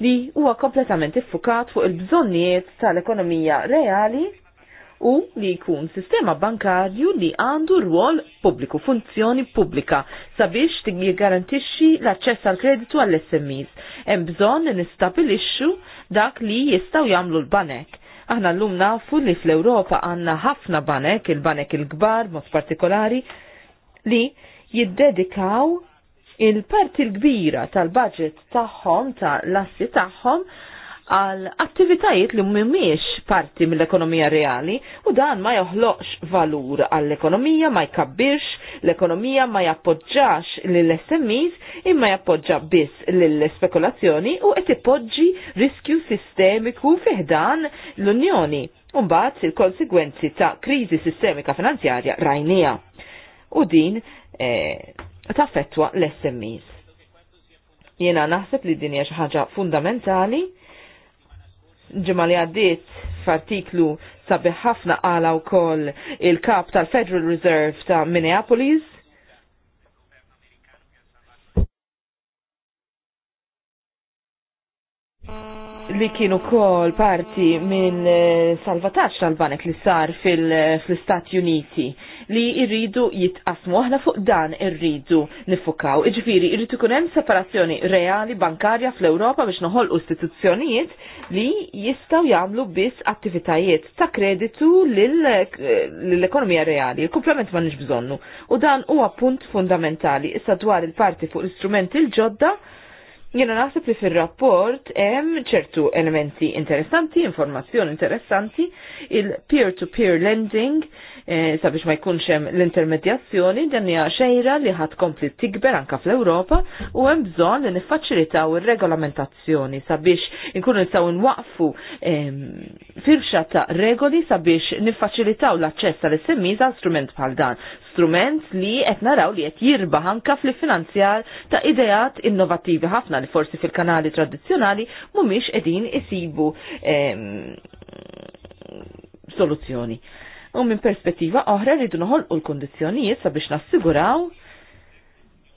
S3: li huwa kompletament iffukat fuq il-bżonnijiet tal-ekonomija reali u li jkun sistema bankarju li għandu rwol pubbliku, funzjoni pubblika, sabiex garantixxi l-aċċess għal kreditu għall smes Hemm bżonn nistabilixxu dak li jistgħu jagħmlu l-banek Aħna l-lum nafu li fl-Europa għanna ħafna banek, il-banek il-gbar, mod partikolari, li jiddedikaw il-parti l-kbira tal-budget tagħhom tal-assi tagħhom għal attivitajiet li mhumiex parti mill-ekonomija reali u dan ma joħloqx valur għall-ekonomija, ma jkabbirx l-ekonomija, ma jappoġġax lill-SMEs, imma jappoġġa biss lill-spekulazzjoni u qed ipoġġi riskju sistemiku fiħdan l-Unjoni. u mbagħad il-konsegwenzi ta' kriżi sistemika finanzjarja rajnija. U din eh, taffettwa l-SMEs. Jena naħseb li din hija xi ħaġa fundamentali ġimma li għaddit f'artiklu sabiħ ħafna għala wkoll il-kap tal-Federal Reserve ta' Minneapolis. li kienu kol parti minn salvataċ tal-banek li sar fil stat Uniti li irridu jitqasmu. Aħna fuq dan irridu nifukaw. Iġviri, irridu kunem separazzjoni reali bankarja fl-Europa biex noħol istituzzjonijiet li jistaw jamlu biss attivitajiet ta' kreditu l-ekonomija reali. Il-komplement ma' nix bżonnu. U dan huwa punt fundamentali. Issa dwar il-parti fuq l-istrumenti l-ġodda Jena naħseb li fil-rapport hemm ċertu elementi interessanti, informazzjoni interessanti, il-peer-to-peer lending, eh, sabiex ma jkunx hemm l-intermedjazzjoni, dan hija xejra li ħadd kompli tikber anka fl-Ewropa u hemm bżonn li niffaċilitaw ir-regolamentazzjoni sabiex inkunu nistgħu nwaqfu eh, firxa ta' regoli sabiex niffaċilitaw l-aċċess tal-SMI ta' strument bħal dan strument li qed naraw li qed jirbaħ anka fil-finanzjar ta' ideat innovattivi ħafna li forsi fil-kanali tradizzjonali mhumiex qegħdin isibu ehm, soluzzjoni. U minn perspettiva oħra rridu noħolqu l kundizzjonijiet sabiex nassiguraw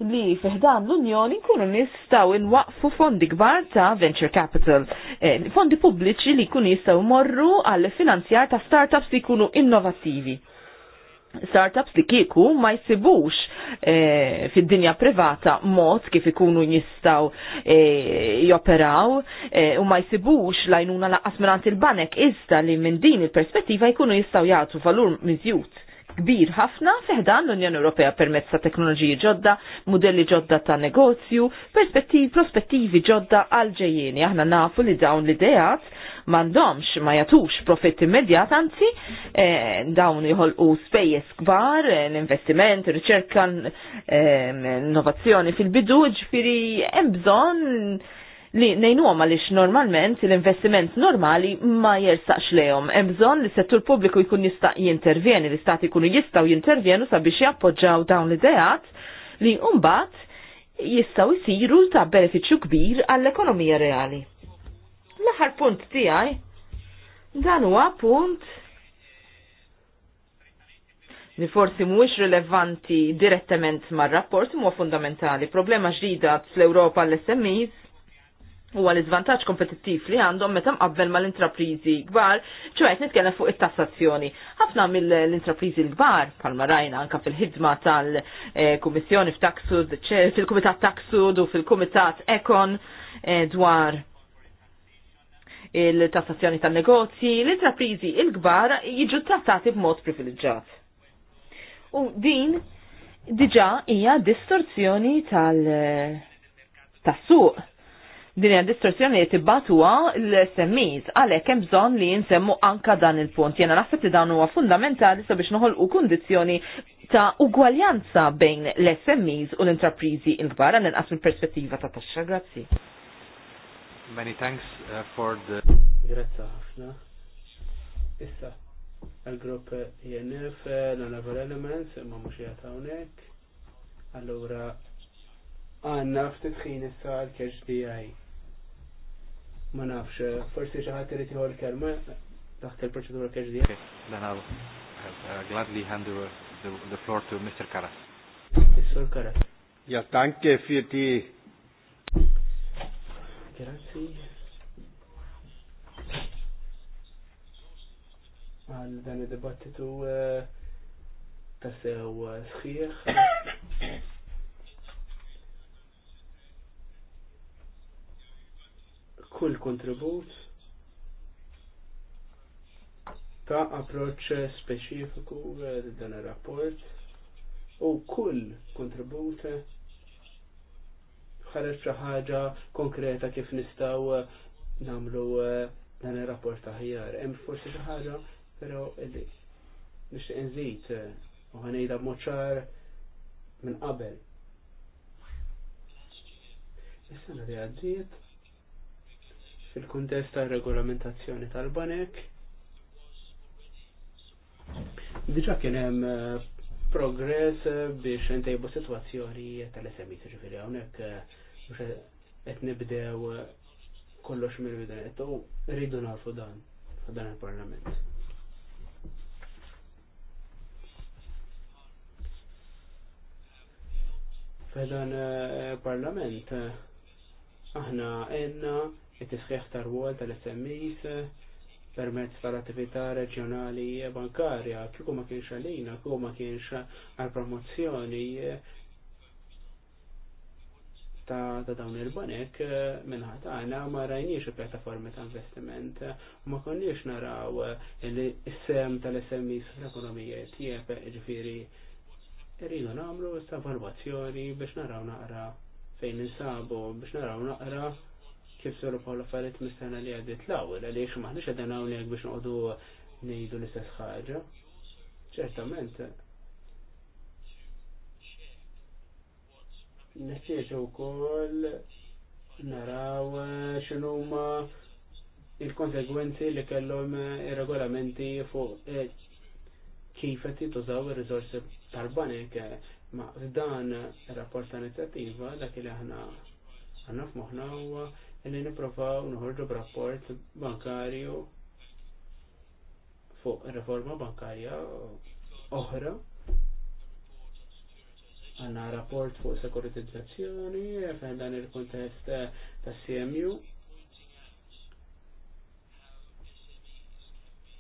S3: li fiħdan l-Unjoni kunu nistaw inwaqfu fondi kbar ta' venture capital, eh, fondi pubbliċi li kunu jistaw morru għall finanzjar ta' startups li kunu innovativi startups li kieku ma jsibux e, fid-dinja privata mod kif ikunu jistaw e, joperaw e, u ma jsibux lajnuna laqas il-banek iżda li minn din il-perspettiva jkunu jistaw jgħatu valur mizjut kbir ħafna seħdan l-Unjoni Ewropea permezz ta' teknoloġiji ġodda, modelli ġodda ta' negozju, perspettivi, prospettivi ġodda għal ġejjeni. Aħna nafu li dawn l ideat mandomx ma jatux profitt immedjat, anzi eh, dawn jħolqu spejjeż kbar, eh, l-investiment, riċerka, eh, innovazzjoni fil-bidu, ġifiri hemm bżonn li nejnu għom għalix normalment l-investiment normali ma jersaqx lejom. Emżon li settur publiku jkun jista' jintervjeni, li stati jkunu jistaw jintervjenu sabiex jappoġġaw dawn l-idejat li umbat jistaw jisiru ta' beneficju kbir għall-ekonomija reali. L-aħar punt tijaj, dan huwa punt li forsi mhuwiex rilevanti direttament mar-rapport huwa fundamentali. Problema ġdida fl-Ewropa l-SMEs huwa l izvantaġġ kompetittiv li għandhom meta mqabbel mal-intrapriżi kbar, ċoħet nitkellem fuq it-tassazzjoni. Ħafna mill-intrapriżi l-kbar, palma rajna anka fil-ħidma tal-Kummissjoni f'Taksud, fil-Kumitat Taksud u fil-Kumitat Ekon eh, dwar il-tassazzjoni tan-negozji, l-intrapriżi l-kbar jiġu trattati b'mod privileġġat. U din diġa hija distorzjoni tal-tassuq din hija distorsjoni li tibbatuha l-SMEs għalhekk hemm bżonn li jinsemmu anka dan il-punt. Jena naħseb li dan huwa fundamentali sabiex noħolqu kundizzjoni ta' ugwaljanza bejn l-SMEs u l-intraprizi il-kbar għan inqas mill-perspettiva ta' taxxa. Grazzi.
S1: Many thanks uh, for the Grazzi ħafna. Issa
S2: għal-grupp INF e l-Level Elements imma mhux jagħta hawnhekk. Allura għandna ftit ħin issa għal-KHDI. Ma nafx, forsi xaħat ħadd irid jieħu kelma taħt il-proċedura kex
S1: di. Dan I'll uh, gladly hand over the, the floor to Mr. Karas.
S2: Mr. Karas.
S1: Ja, tanke für die
S2: Grazie. għal dan id-dibattitu eh, tassew eh, sħiħ kull kontribut ta' approċ speċifiku dan ir-rapport u kull kontribut ħareġ xi ħaġa konkreta kif nistgħu nagħmlu eh, dan ir-rapport aħjar. Hemm forsi xi ħaġa però li nixtieq nżid eh, u ħanejda b'mod ċar minn qabel. Is-sena li għaddiet fil-kuntest ta' regolamentazzjoni tal-banek. Diġa kien hemm eh, progress eh, biex ntejbu situazzjoni tal-SMI ġifieri hawnhekk biex eh, qed nibdew kollox mill-bidanet u rridu nafu dan f'dan il-Parlament. F'dan il-Parlament aħna għenna it-tisħiħ tar-wol tal-SMEs permezz tal-attività reġjonali bankarja, kieku ma kienx għalina, kieku ma kienx għal-promozzjoni ta', ta dawn il-banek eh, minnħat għana ma rajniex il-pjattaformi ta' investiment ma konniex naraw eh, il-sem tal-SMI fl-ekonomija tjeb eh, ġifiri rridu namlu sta' valvazzjoni biex naraw naqra fejn nisabu biex naraw naqra kif seru pa l-affarijiet mistana li għaddit l-ewwel għalli għaliex għaw li għag biex noqogħdu ngħidu l-istess ħagġa. Ċertament. u koll naraw xinuma il-konsegwenzi li kellom il regolamenti fuq e kif qed il-rizorsi tal-banek ma' f'dan il rapport ta' inizjattiva dak li aħna għanna f'moħna huwa Inni niprofaw nħorġu b'rapport bankarju fuq reforma bankarja oħra. Għanna rapport fuq sekuritizzazzjoni fejn dan il-kontest eh, ta' CMU.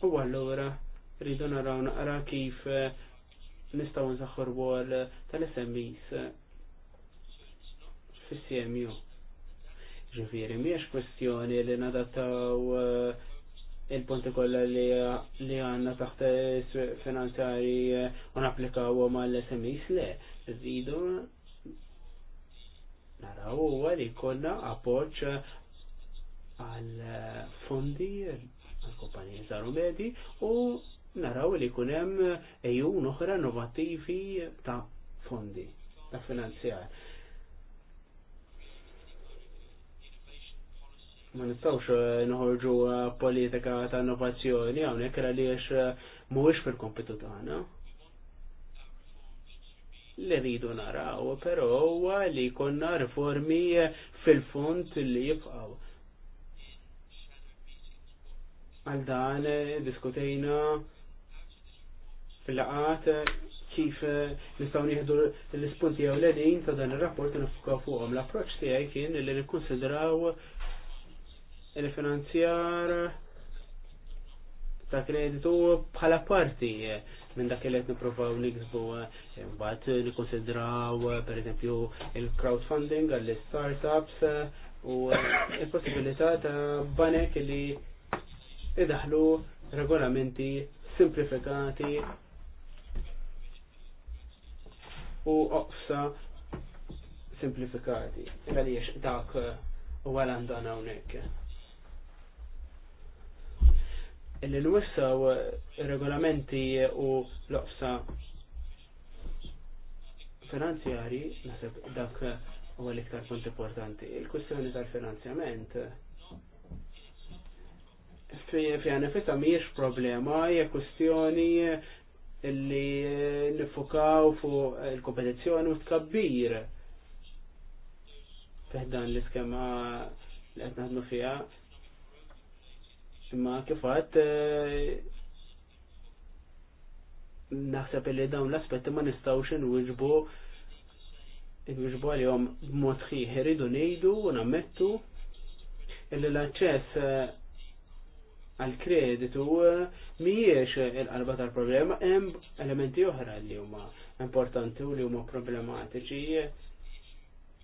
S2: U allura rridu naraw naqra kif eh, nistgħu nsaħħu rwol eh, tal-SMEs fis-CMU Ġifiri, miex kwestjoni li nadattaw eh, il-punti kolla li għanna taħt eh, finanzjari eh, un applikaw ma l-SMIs le. Zidu, naraw u għali konna appoċ għal fondi għal kompanija zaru medi u naraw li kunem eju noħra novativi ta' fondi ta' finanzjar. ma nistawx eh, nħorġu eh, politika ta' innovazzjoni hawnhekk għaliex eh, mhuwiex fil-kompetu tagħna. Li rridu naraw, però huwa li jkollna riformi fil-fond li jibqgħu. Għal dan diskutejna fil-laqat kif nistaw nieħdu l-ispunti għaw l-edin ta' dan il-rapport nifuka fuqhom L-approċ tijaj kien li nikkonsidraw il-finanzjar ta' kreditu bħala parti minn dak li qed nippruvaw niksbu mbagħad nikkonsidraw eżempju il-crowdfunding għall-startups u l-possibilità ta' banek li idaħlu regolamenti simplifikati u oqsa simplifikati. Għaliex dak u għal għandana hawnhekk li l-wissaw eh, regolamenti u l-oqsa finanzjari, nasib dak u l-iktar punt importanti, il-kwistjoni tal-finanzjament. Fija nifisa miex problema, hija kwistjoni li nifukaw fuq il-kompetizzjoni u tkabbir. Fehdan l-iskema li għetnaħdnu fija, Imma kifat eh, naħseb li dawn l-aspetti ma nistawx inwiġbu inwiġbu għalihom b'mod ħieħ iridu ngħidu u nammettu illi l-aċċess eh, għal-kreditu eh, mhijiex il-qalba tal-problema hemm elementi oħra li huma importanti u li huma problematiċi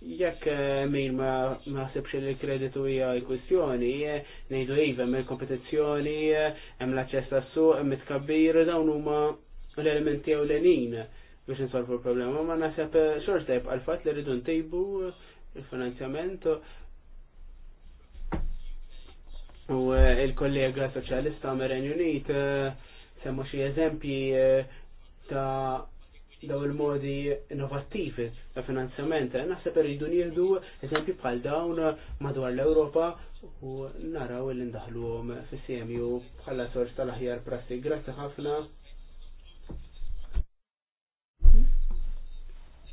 S2: jekk eh, min ma naħsibx li l-kreditu hija l-kwistjoni, eh, ngħidu iva hemm il-kompetizzjoni, eh, hemm l-aċċess tas-suq, hemm it-kabbir, dawn huma l-elementi lenin biex insolvu l-problema, ma naħseb xorta jibqa' fatt li rridu ntejbu il-finanzjament u il-kollega soċjalista Meren Unit semmu xi eżempji ta' daw il-modi innovattivi ta' finanzjament. Naħseb irridu nieħdu eżempji bħal dawn madwar l-Ewropa u naraw li ndaħluhom fis-CMU bħala sors tal-aħjar prassi. Grazzi ħafna.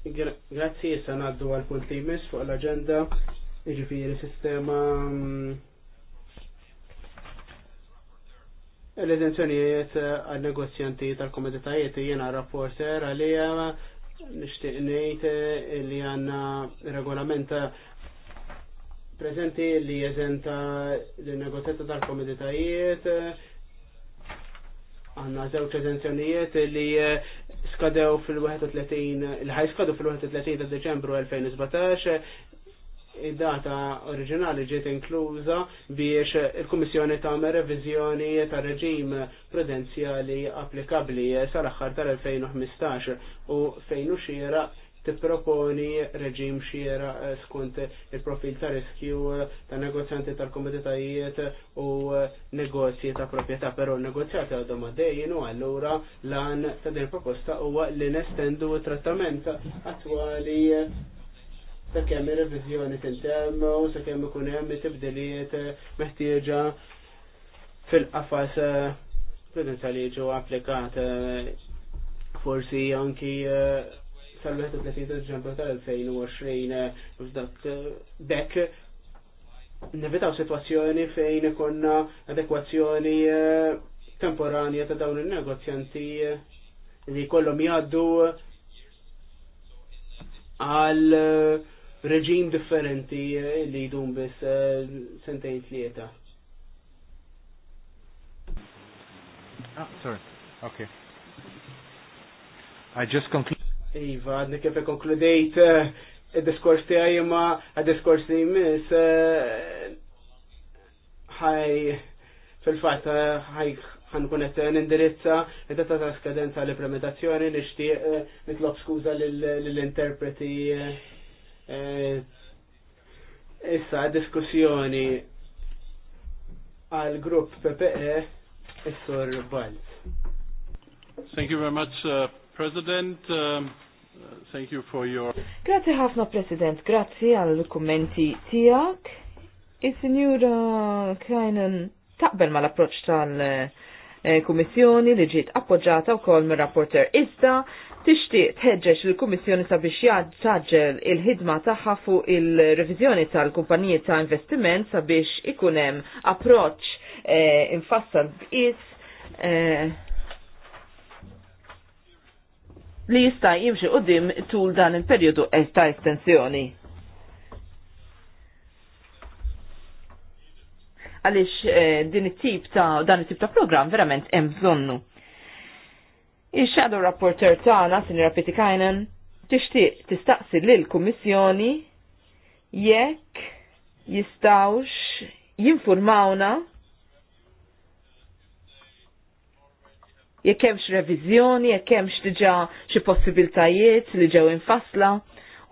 S2: Grazzi, issa ngħaddu għal punt li jmiss fuq l agenda jiġifieri sistema mm, l-edenzjonijiet għal negozjanti tal komeditajiet jena rapporter għalija nishtiq ngħid li għandna regolament preżenti li jeżenta l negozjanti tal komeditajiet għandna żewġ edenzjonijiet li skadew fil-31 il-ħaj skadew fil-31 ta' Deċembru 2017 id-data oriġinali ġiet inkluża biex il-Kummissjoni tagħmel reviżjoni ta' reġim prudenzjali applikabbli sal-aħħar tal-2015 u fejn uxiera tipproponi reġim xiera skont il-profil ta' riskju ta' negozjanti tal-komoditajiet u negozji ta' proprjetà, però negozjati għadhom għaddejjin u allura lan ta' din proposta huwa li nestendu trattament attwali kemm ir-reviżjoni tintemm u kemm ikun hemm tibdiliet meħtieġa fil-qafas tal eh, ġew applikat eh, forsi anki eh, sal-31 ta' ġembru tal-2020 f'dak dek nevitaw situazzjoni fejn ikonna adekwazzjoni temporanja ta' dawn il-negozjanti li kollhom jgħaddu għal reġim differenti eh, li jdum biss eh, sentejn tlieta.
S1: Ah, sorry. Ok. I just conclude.
S2: Iva, għadni kif konkludejt eh, id-diskors tiegħi imma għad-diskors li jmiss ħaj fil-fatt ħaj ħankun qed nindirizza id ta' ta' skadenza l-implementazzjoni nixtieq nitlob skuża lill-interpreti Eh, issa, diskussjoni għal grupp PPE, is-Sur Balz.
S3: Thank you very much, uh, President. Um, uh, thank you for your... Grazie ħafna, President. Grazie għal kommenti tijak. Is sinjura Kajnen taqbel ma l-approċ tal- eh, Kummissjoni li ġiet appoġġata wkoll mir-rapporter Issa tixtieq tħeġġeġ lill-Kummissjoni sabiex jaġġel il-ħidma tagħha fuq il-reviżjoni tal-kumpaniji ta' investiment sabiex ikun hemm approċċ eh, infassal b'qis eh, li jista' jimxi qudiem tul dan il-perjodu e- ta' estensjoni. Għaliex eh, din it-tip ta' dan it-tip ta' programm verament hemm bżonnu. Il-Shadow Rapporteur tagħna, Sinjora Pitikainen, tixtieq tistaqsi lil kummissjoni jekk jistawx jinformawna jekk hemmx reviżjoni, jekk hemmx diġà xi possibiltajiet li ġew infassla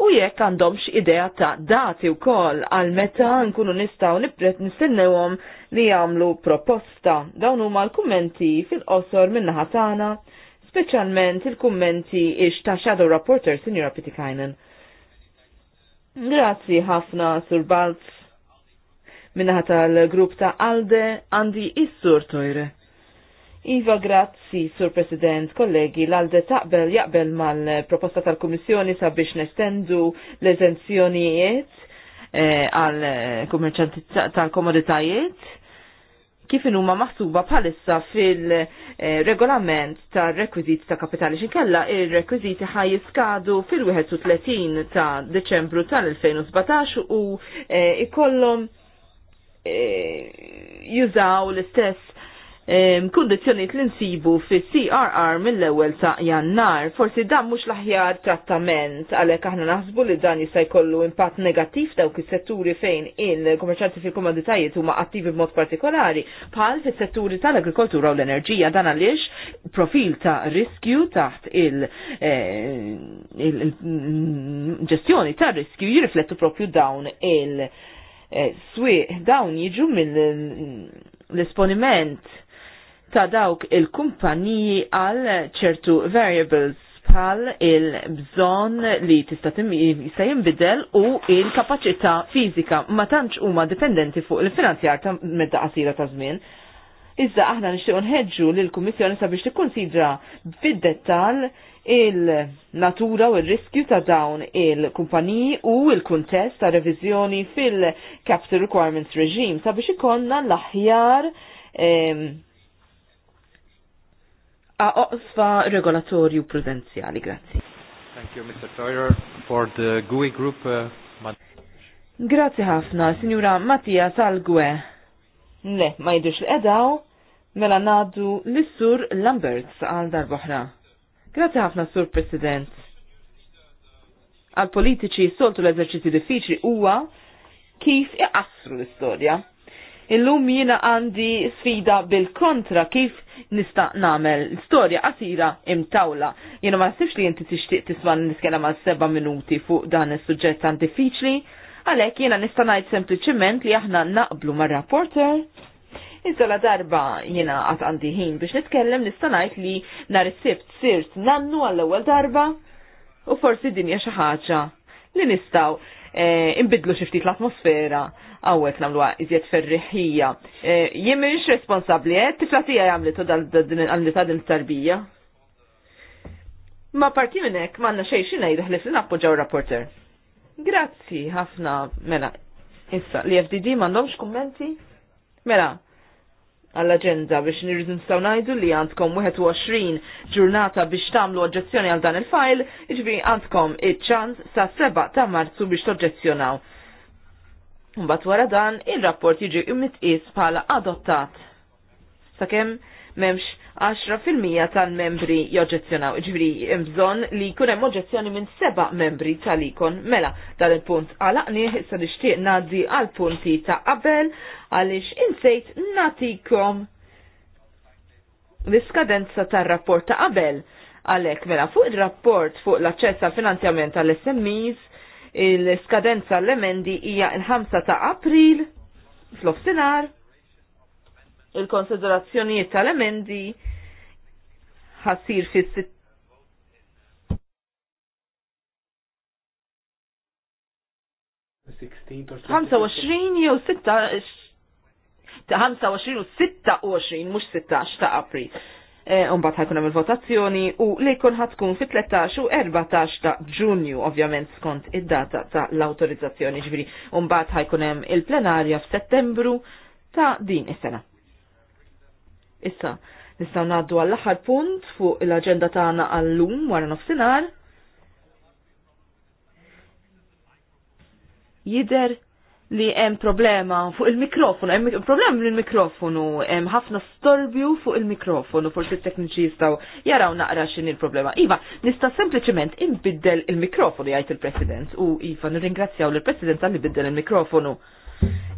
S3: u jekk għandhomx idea ta' dati wkoll għal meta nkunu nistgħu nipret nistennewhom li jagħmlu proposta. Dawn huma l-kummenti fil-qosor min-naħa tagħna specialment il-kummenti ix ta' Shadow Reporter, Signora Pitikainen. Grazzi ħafna sur Balz minnaħa tal-grupp ta' Alde għandi is-sur tojre. Iva, grazzi, Sur President, kollegi, l alde taqbel jaqbel mal-proposta tal-Komissjoni sabiex nestendu l-eżenzjonijiet eh, għal e, tal-komoditajiet kif huma maħsuba bħalissa fil-regolament ta' rekwizit ta' kapitali xinkella il-rekwiziti ħaj jiskadu fil-31 ta' Deċembru tal-2017 u eh, ikollhom eh, jużaw l-istess kondizjoniet li nsibu fi CRR mill-ewel ta' jannar. Forsi dan mhux l-aħjar trattament għalhekk aħna naħsbu li dan jista' jkollu impatt negativ dawk is-setturi fejn il komerċanti fil-komoditajiet huma attivi b'mod partikolari bħal fis-setturi tal-agrikoltura u l-enerġija dan għaliex profil ta' riskju taħt il-ġestjoni eh, ta' riskju jirriflettu propju dawn il- eh, Swi, dawn jiġu mill l-esponiment ta' dawk il-kumpaniji għal ċertu variables bħal il-bżon li tista' jista' jinbidel u il-kapaċità fiżika ma tantx huma dipendenti fuq il-finanzjar ta' medda qasira ta' żmien. Iżda aħna nixtiequ nħeġġu lil kummissjoni sabiex tikkunsidra fid dettall il-natura u il-riskju ta' dawn il-kumpaniji u il-kuntest ta' reviżjoni fil-Capital Requirements Regime sabiex ikonna l-aħjar eh, oqsfa regolatorju prudenzjali. Grazzi.
S1: Thank you, Mr. Toyer, for the GUI e Group. Uh,
S3: Grazzi ħafna, Signora Mattia Salgue. Le, ma jidux li edaw, mela naddu l-Sur Lamberts għal darboħra. Grazzi ħafna, Sur President. Għal politiċi soltu l-eżerċizzi diffiċli huwa kif iqassru l-istorja Illum jiena għandi sfida bil-kontra kif nista' nagħmel storja qasira imtawla. Jiena ma nsibx li inti tixtieq tisma' niskela għal seba' minuti fuq dan is-suġġett tan diffiċli, għalhekk jiena nista' ngħid sempliciment li aħna naqblu mar-rapporter Iżda darba jiena għat għandi ħin biex nitkellem nista' ngħid li nhar is-sibt sirt nannu għall-ewwel darba u forsi dinja xi ħaġa li nistgħu Eh, imbidlu xi ftit l-atmosfera għawek namluwa iżjed ferriħija. Eh, jien mhix responsabbli, eh? tifla tiegħi għamlitu għamlita din tarbija. Ma parti minn hekk m'għandna xejn xi li ħlif li ġaw rapporter. Grazzi ħafna mela. Issa, li FDD m'għandhomx kummenti? Mela, għall-agenda biex nirridu nistgħu ngħidu li għandkom 21 ġurnata biex tagħmlu oġġezzjoni għal dan il-fajl, jiġri għandkom iċ-ċans sa' 7 ta' Marzu biex toġġezzjonaw. Mbagħad wara dan, ir rapport jiġi immitqies bħala adottat. Sakemm m'hemmx 10% tal-membri joġezzjonaw, ġviri imbżon li kunem oġezzjoni minn seba membri tal-ikon. Mela, dan il-punt għalaqni, issa nishtiq nazi għal-punti ta' qabel, għalix insejt natikom l-iskadenza tar-rapport ta' qabel. Għalek, mela, fuq il-rapport fuq l-aċċess għal finanzjament tal-SMEs, il-skadenza l-emendi hija il-5 ta' april, fl-ofsinar, il-konsiderazzjonijiet tal-emendi ħassir fis
S2: 25
S3: u 26 mhux 16 ta' April. Eh, Umbat ħajkun hemm il-votazzjoni u li jkun ħatkun fi 13 u 14 ta' Ġunju, ovvjament skont id-data ta' l-autorizzazzjoni ġviri. Umbat ħajkun hemm il-plenarja f'Settembru ta' din is-sena. Issa, nistaw naddu għall-aħħar punt fuq l-agenda tagħna għall-lum wara nofsinhar. Jider li hemm problema fuq il-mikrofonu, hemm problema bil-mikrofonu, hemm ħafna storbju fuq il-mikrofonu, forsi t-tekniċi jistgħu jaraw naqra x'inhi il-problema. Iva, nista' sempliċement inbiddel il-mikrofonu jgħid il-President u Iva nirringrazzjaw lill-President tal-li biddel il-mikrofonu. il mikrofonu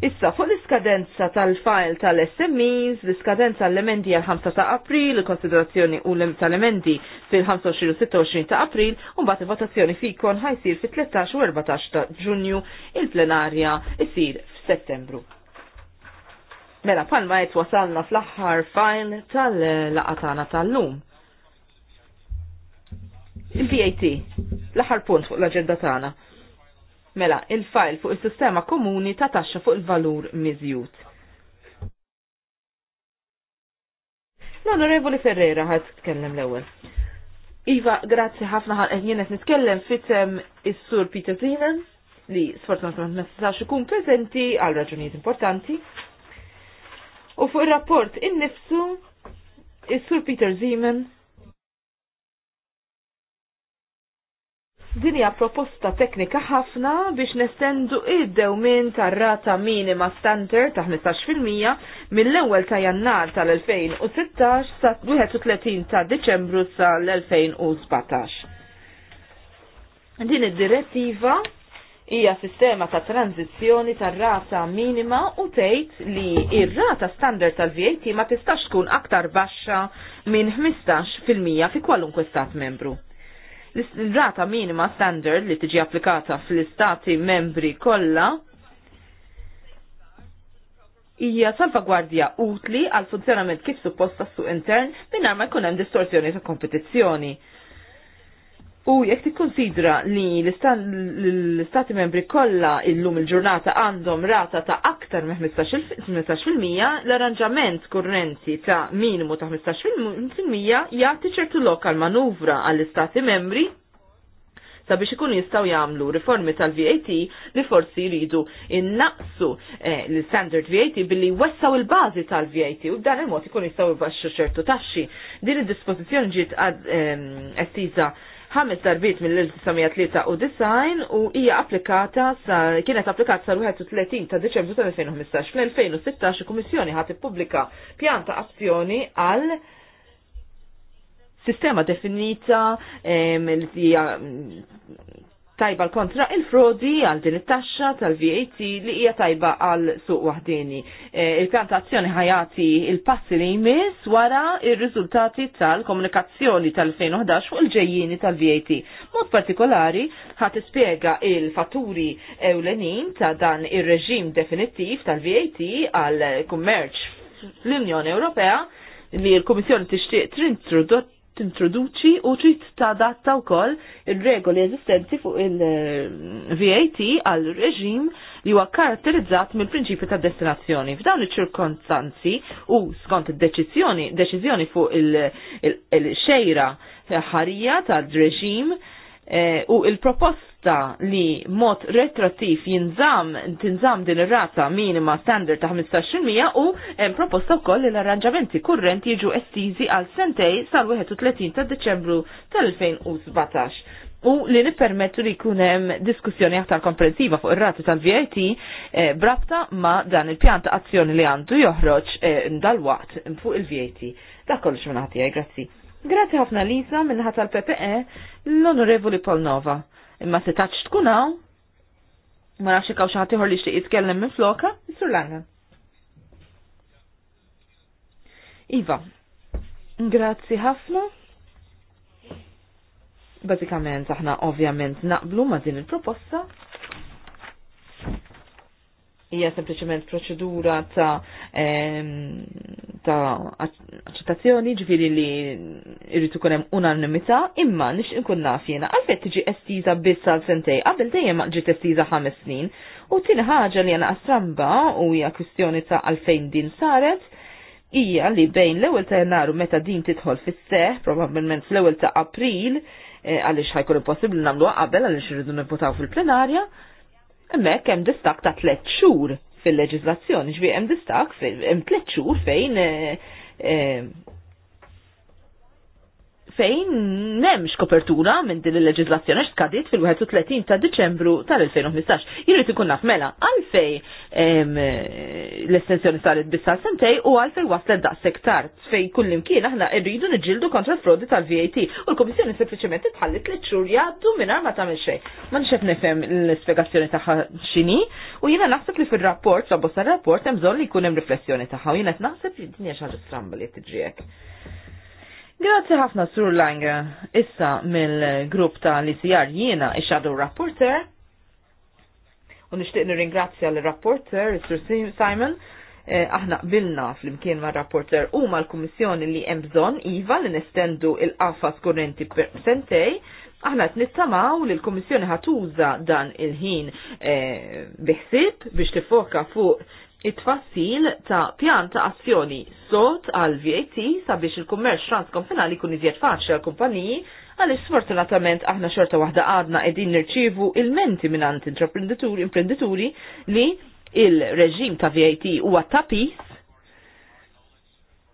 S3: Issa, fuq l-iskadenza tal-file tal-SMEs, l-iskadenza l-emendi għal-5 ta' april, l-konsiderazzjoni u l-emendi fil-25 u 26 ta' april, un bat votazzjoni fikon ħajsir fil-13 u 14 ta' ġunju, il-plenarja isir f'settembru. Mela, palma jt wasalna fl-axħar file tal-laqatana tal-lum. Il-VAT, l-axħar punt fuq l-agenda tagħna. Mela, il-fajl fuq il-sistema komuni ta' taxxa fuq il-valur miżjut. L-Onorevoli Ferrera ħad tkellem l-ewwel. Iva, grazzi ħafna ħal eh, jien nitkellem fitem is-Sur Peter Zeman li sfortunatament ma tistax ikun preżenti għal raġunijiet importanti. U fuq ir-rapport innifsu il sur Peter Zeman Din hija proposta teknika ħafna biex nestendu id-dew minn tar-rata minima standard ta' 15% mill-ewwel ta' Jannar tal-2016 sa 31 ta' Deċembru sal-2017. Din id-direttiva hija sistema ta' tranzizzjoni tar-rata minima u tgħid li ir-rata standard tal-VAT ma tistax tkun aktar baxxa minn 15% fi kwalunkwe stat membru l-rata minima standard li tiġi applikata fl-istati membri kollha hija salvagwardja utli għal funzjonament kif supposta suq intern mingħajr ma jkun hemm distorsjoni ta' kompetizzjoni. U jekk tikkonsidra li l-istati membri kollha illum il-ġurnata għandhom rata ta' iktar me 15% l-arranġament kurrenti ta' minimu ta' 15% jagħti ċertu lokal manuvra għall-istati membri sabiex ikun jistaw jagħmlu riformi tal-VAT li forsi jridu innaqsu l-standard VAT billi wessaw il-bażi tal-VAT u b'dan il-mod ikun jistaw jbaxxu ċertu taxxi. Din id-dispożizzjoni ġiet estiża ħames darbit mill-1993 u hija applikata sa kienet applikata sa 31 ta' Deċembru ta' 2015. Fl-2016 il-Kummissjoni ħadd ippubblika pjan ta' azzjoni għal sistema definita li tajba l-kontra il-frodi għal din it-taxxa tal-VAT li hija tajba għal suq waħdini. E, il-pjantazzjoni ħajati il-passi li jmiss wara il-riżultati tal-komunikazzjoni tal-2011 fuq il-ġejjini tal-VAT. Mod partikolari ħat ispjega il-fatturi ewlenin ta' dan ir-reġim definittiv tal-VAT għal kummerċ l-Unjoni Ewropea li l-Komissjoni tixtieq trintrodotti tintroduċi u trid tadatta wkoll ir-regoli eżistenti fuq il-VAT għal reġim li huwa karatterizzat mill-prinċipju ta' destinazzjoni. F'dawn iċ-ċirkonstanzi u skont id-deċiżjoni deċiżjoni fuq il-xejra ħarija tal-reġim eh, u il-proposta jista li mod retrattiv jinżam tinżam din ir-rata minima standard ta' 15% u hemm proposta wkoll li l-arranġamenti kurrenti jiġu estiżi għal sentej sal-31 ta' Deċembru tal-2017 u li nippermettu li jkun hemm diskussjoni aktar komprensiva fuq ir-rati tal-VAT eh, brabta ma' dan il-pjan ta' azzjoni li għandu joħroġ eh, dal-waqt fuq il-VAT. Dak kollox minn ħati grazzi. Grazzi ħafna Lisa min-ħat tal-PPE l-Onorevoli Polnova imma taċ tkun hawn, ma nafx ikaw xi ħadd li xtieq jitkellem minn floka, jisur langan. Iva, grazzi ħafna. Bażikament aħna ovvjament naqblu ma' din il-proposta hija sempliċement proċedura ta' ta' aċċettazzjoni ġviri li irritu ikun hemm unanimità, imma nix inkun naf jiena għalfejn tiġi estiża biss għal sentej qabel dejjem ġiet estiża ħames snin. U tieni ħaġa li għana astramba u hija kwistjoni ta' għalfejn din saret, hija li bejn l-ewwel ta' jannaru meta din tidħol fis-seħ, probabbilment fl-ewwel ta' April, eh, għaliex ħajkun impossibbli namlu qabel għaliex irridu nipotaw fil-plenarja, Hemmhekk hemm distak ta' tliet xhur fil-leġiżlazzjoni, ġbi hemm distak hemm tliet xhur fejn eh, eh, fejn nemx kopertura minn din il-leġizlazzjoni x'tkadit fil-31 ta' Diċembru tal-2015. Jirrid ikun naf mela għalfej l-estensjoni saret bissa sentej u għalfej waslet daqshekk tard fej kullimkien aħna rridu niġġieldu kontra frodi tal-VAT u l-Komissjoni sempliċement titħallit li ċur jgħaddu mingħajr ma tagħmel xejn. Ma nixef nifhem l-ispjegazzjoni tagħha x'inhi u jiena naħseb li fir-rapport, sabosta rapport hemm bżonn li jkun hemm riflessjoni tagħha u jiena naħseb li din hija xi ħaġa stramba Grazzi ħafna Sur Lange, issa mill-grupp ta' l-ICR jiena i shadow Rapporter. U nixtieq nirringrazzja l-rapporter, Sur Simon, eh, aħna qbilna fl-imkien ma' rapporter u ma' l-Kummissjoni li hemm bżonn iva li nestendu il-qafas korrenti per sentej, aħna qed nittamaw li l-Kummissjoni ħatuża dan il-ħin eh, biħsib biex tifoka fuq it-tfassil ta' pjan ta' azzjoni sot għal VAT sabiex il-kummerċ transkonfinali kun iżjed faċli għal kumpaniji għal sfortunatament aħna xorta waħda għadna edin nirċivu il-menti minant intraprenditori imprendituri li il-reġim ta' VAT huwa tapis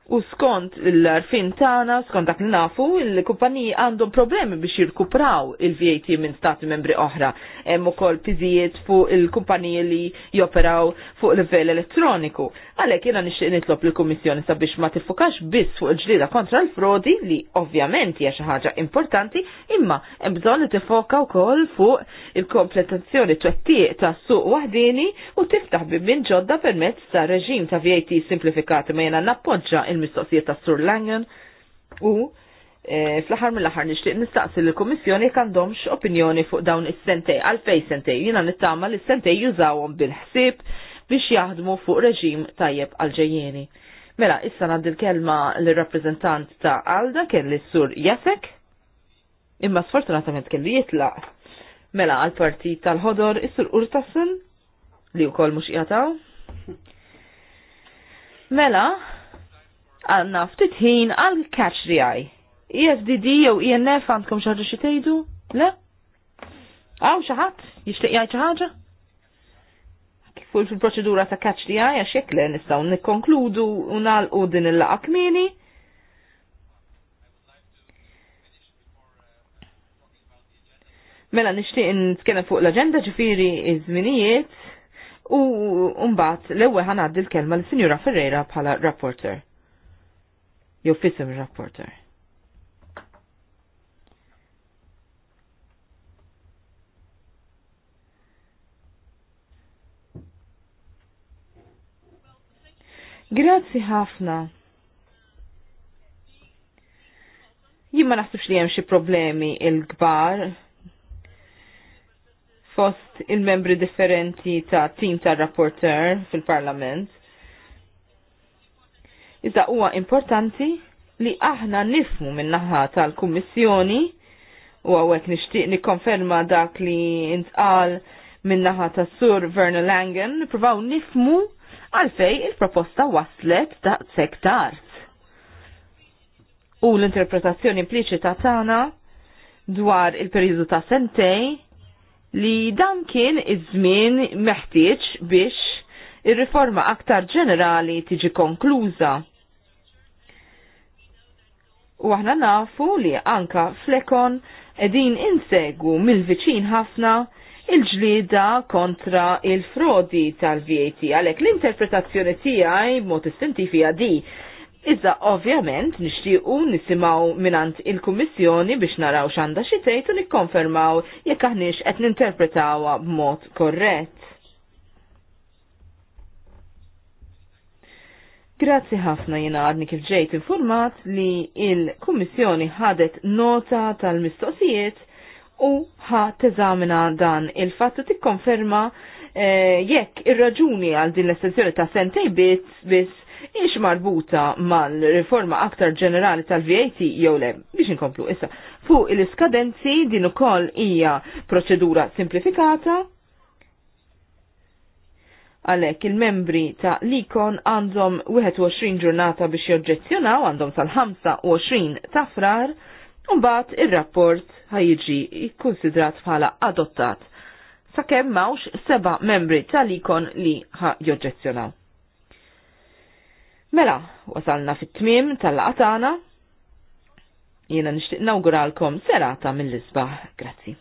S3: U skont l-arfin tana, skont dak li nafu, il-kumpaniji għandhom problemi biex jirkupraw il-VAT minn stati membri oħra. Hemm ukoll piżijiet fuq il-kumpaniji li joperaw fuq livell elettroniku. Għalhekk jiena nixtieq nitlob lill-Kummissjoni sabiex ma tifukax biss fuq il-ġlida kontra l-frodi li ovvjament hija xi ħaġa importanti, imma hemm bżonn li tifoka wkoll fuq il-kompletazzjoni twettieq ta' suq waħdini u tiftaħ bibin ġodda permezz ta' reġim ta' VAT simplifikati ma jiena nappoġġa il-mistoqsijiet ta' Sur Langen u eh, fl-aħħar mill-aħħar nixtieq nistaqsi l kummissjoni jekk għandhomx opinjoni fuq dawn is-sentej għalfej sentej jiena nittama li s-sentej jużawhom bil-ħsieb biex jaħdmu fuq reġim tajjeb għal-ġejjeni. Mela, issa għaddi l-kelma l-rappresentant ta' Alda kelli s-sur Jasek, imma sfortunatament kelli jitlaq. Mela, għal-partit tal-ħodor is-sur Urtasen, li u kol mux jataw. Mela, għanna ftit ħin għal catch the eye. ISDD e jew INF e għandkom xaġa xi tgħidu? Le? Għaw xi ħadd jixtieq jgħid xi ħaġa? Fuq fil-proċedura ta' catch the eye għax le nistgħu nikkonkludu u nagħlqu din il-laqgħa kmieni. Mela nixtieq nitkellem fuq l agenda ġifieri iż-żminijiet u mbagħad l-ewwel ħanaddi l-kelma lis-Sinjura Ferreira bħala rapporter jew fisem rapporter. Grazzi ħafna. Jien ma naħsibx li hemm xi problemi il-kbar fost il-membri differenti ta' tim ta' rapporter fil-parlament Iżda huwa importanti li aħna nifmu min-naħa tal-Kummissjoni u għawek nishtiq nikkonferma dak li intqal minn naħa tas Sur Vernon Langen, nipruvaw nifmu għalfej il-proposta waslet ta' sektart. U l-interpretazzjoni impliċita tagħna dwar il-periodu ta' sentej li dan kien iż-żmien meħtieġ biex ir-riforma aktar ġenerali tiġi konkluża. U aħna nafu li anka flekon edin insegu mill-viċin ħafna il-ġlida kontra il-frodi tal-VAT. Għalek l-interpretazzjoni tijaj mod istintifija di Iżda ovvjament nixtiequ nisimgħu minant il-Kummissjoni biex naraw xanda xi u nikkonfermaw jekk aħniex qed ninterpretawha b'mod korrett. Grazzi ħafna jina għadni kif ġejt informat li il-Kummissjoni ħadet nota tal-mistoqsijiet u ħa teżamina dan il-fattu tikkonferma eh, jekk ir-raġuni għal din l-estensjoni ta' sentej bit biss ix marbuta mal-riforma aktar ġenerali tal-VAT jew le biex inkomplu issa fuq il-iskadenzi din ukoll hija proċedura simplifikata Għalek il-membri ta' Likon għandhom 21 ġurnata biex joġġezzjonaw għandhom sal-25 ta' frar, Umbat il-rapport ħajġi ikkonsidrat bħala adottat. Sakemm mawx seba membri tal-ikon li joġġezzjonaw. Mela, wasalna fit-tmim tal-qatana. Jiena nixtieq nawguralkom serata mill-isbaħ. Grazzi.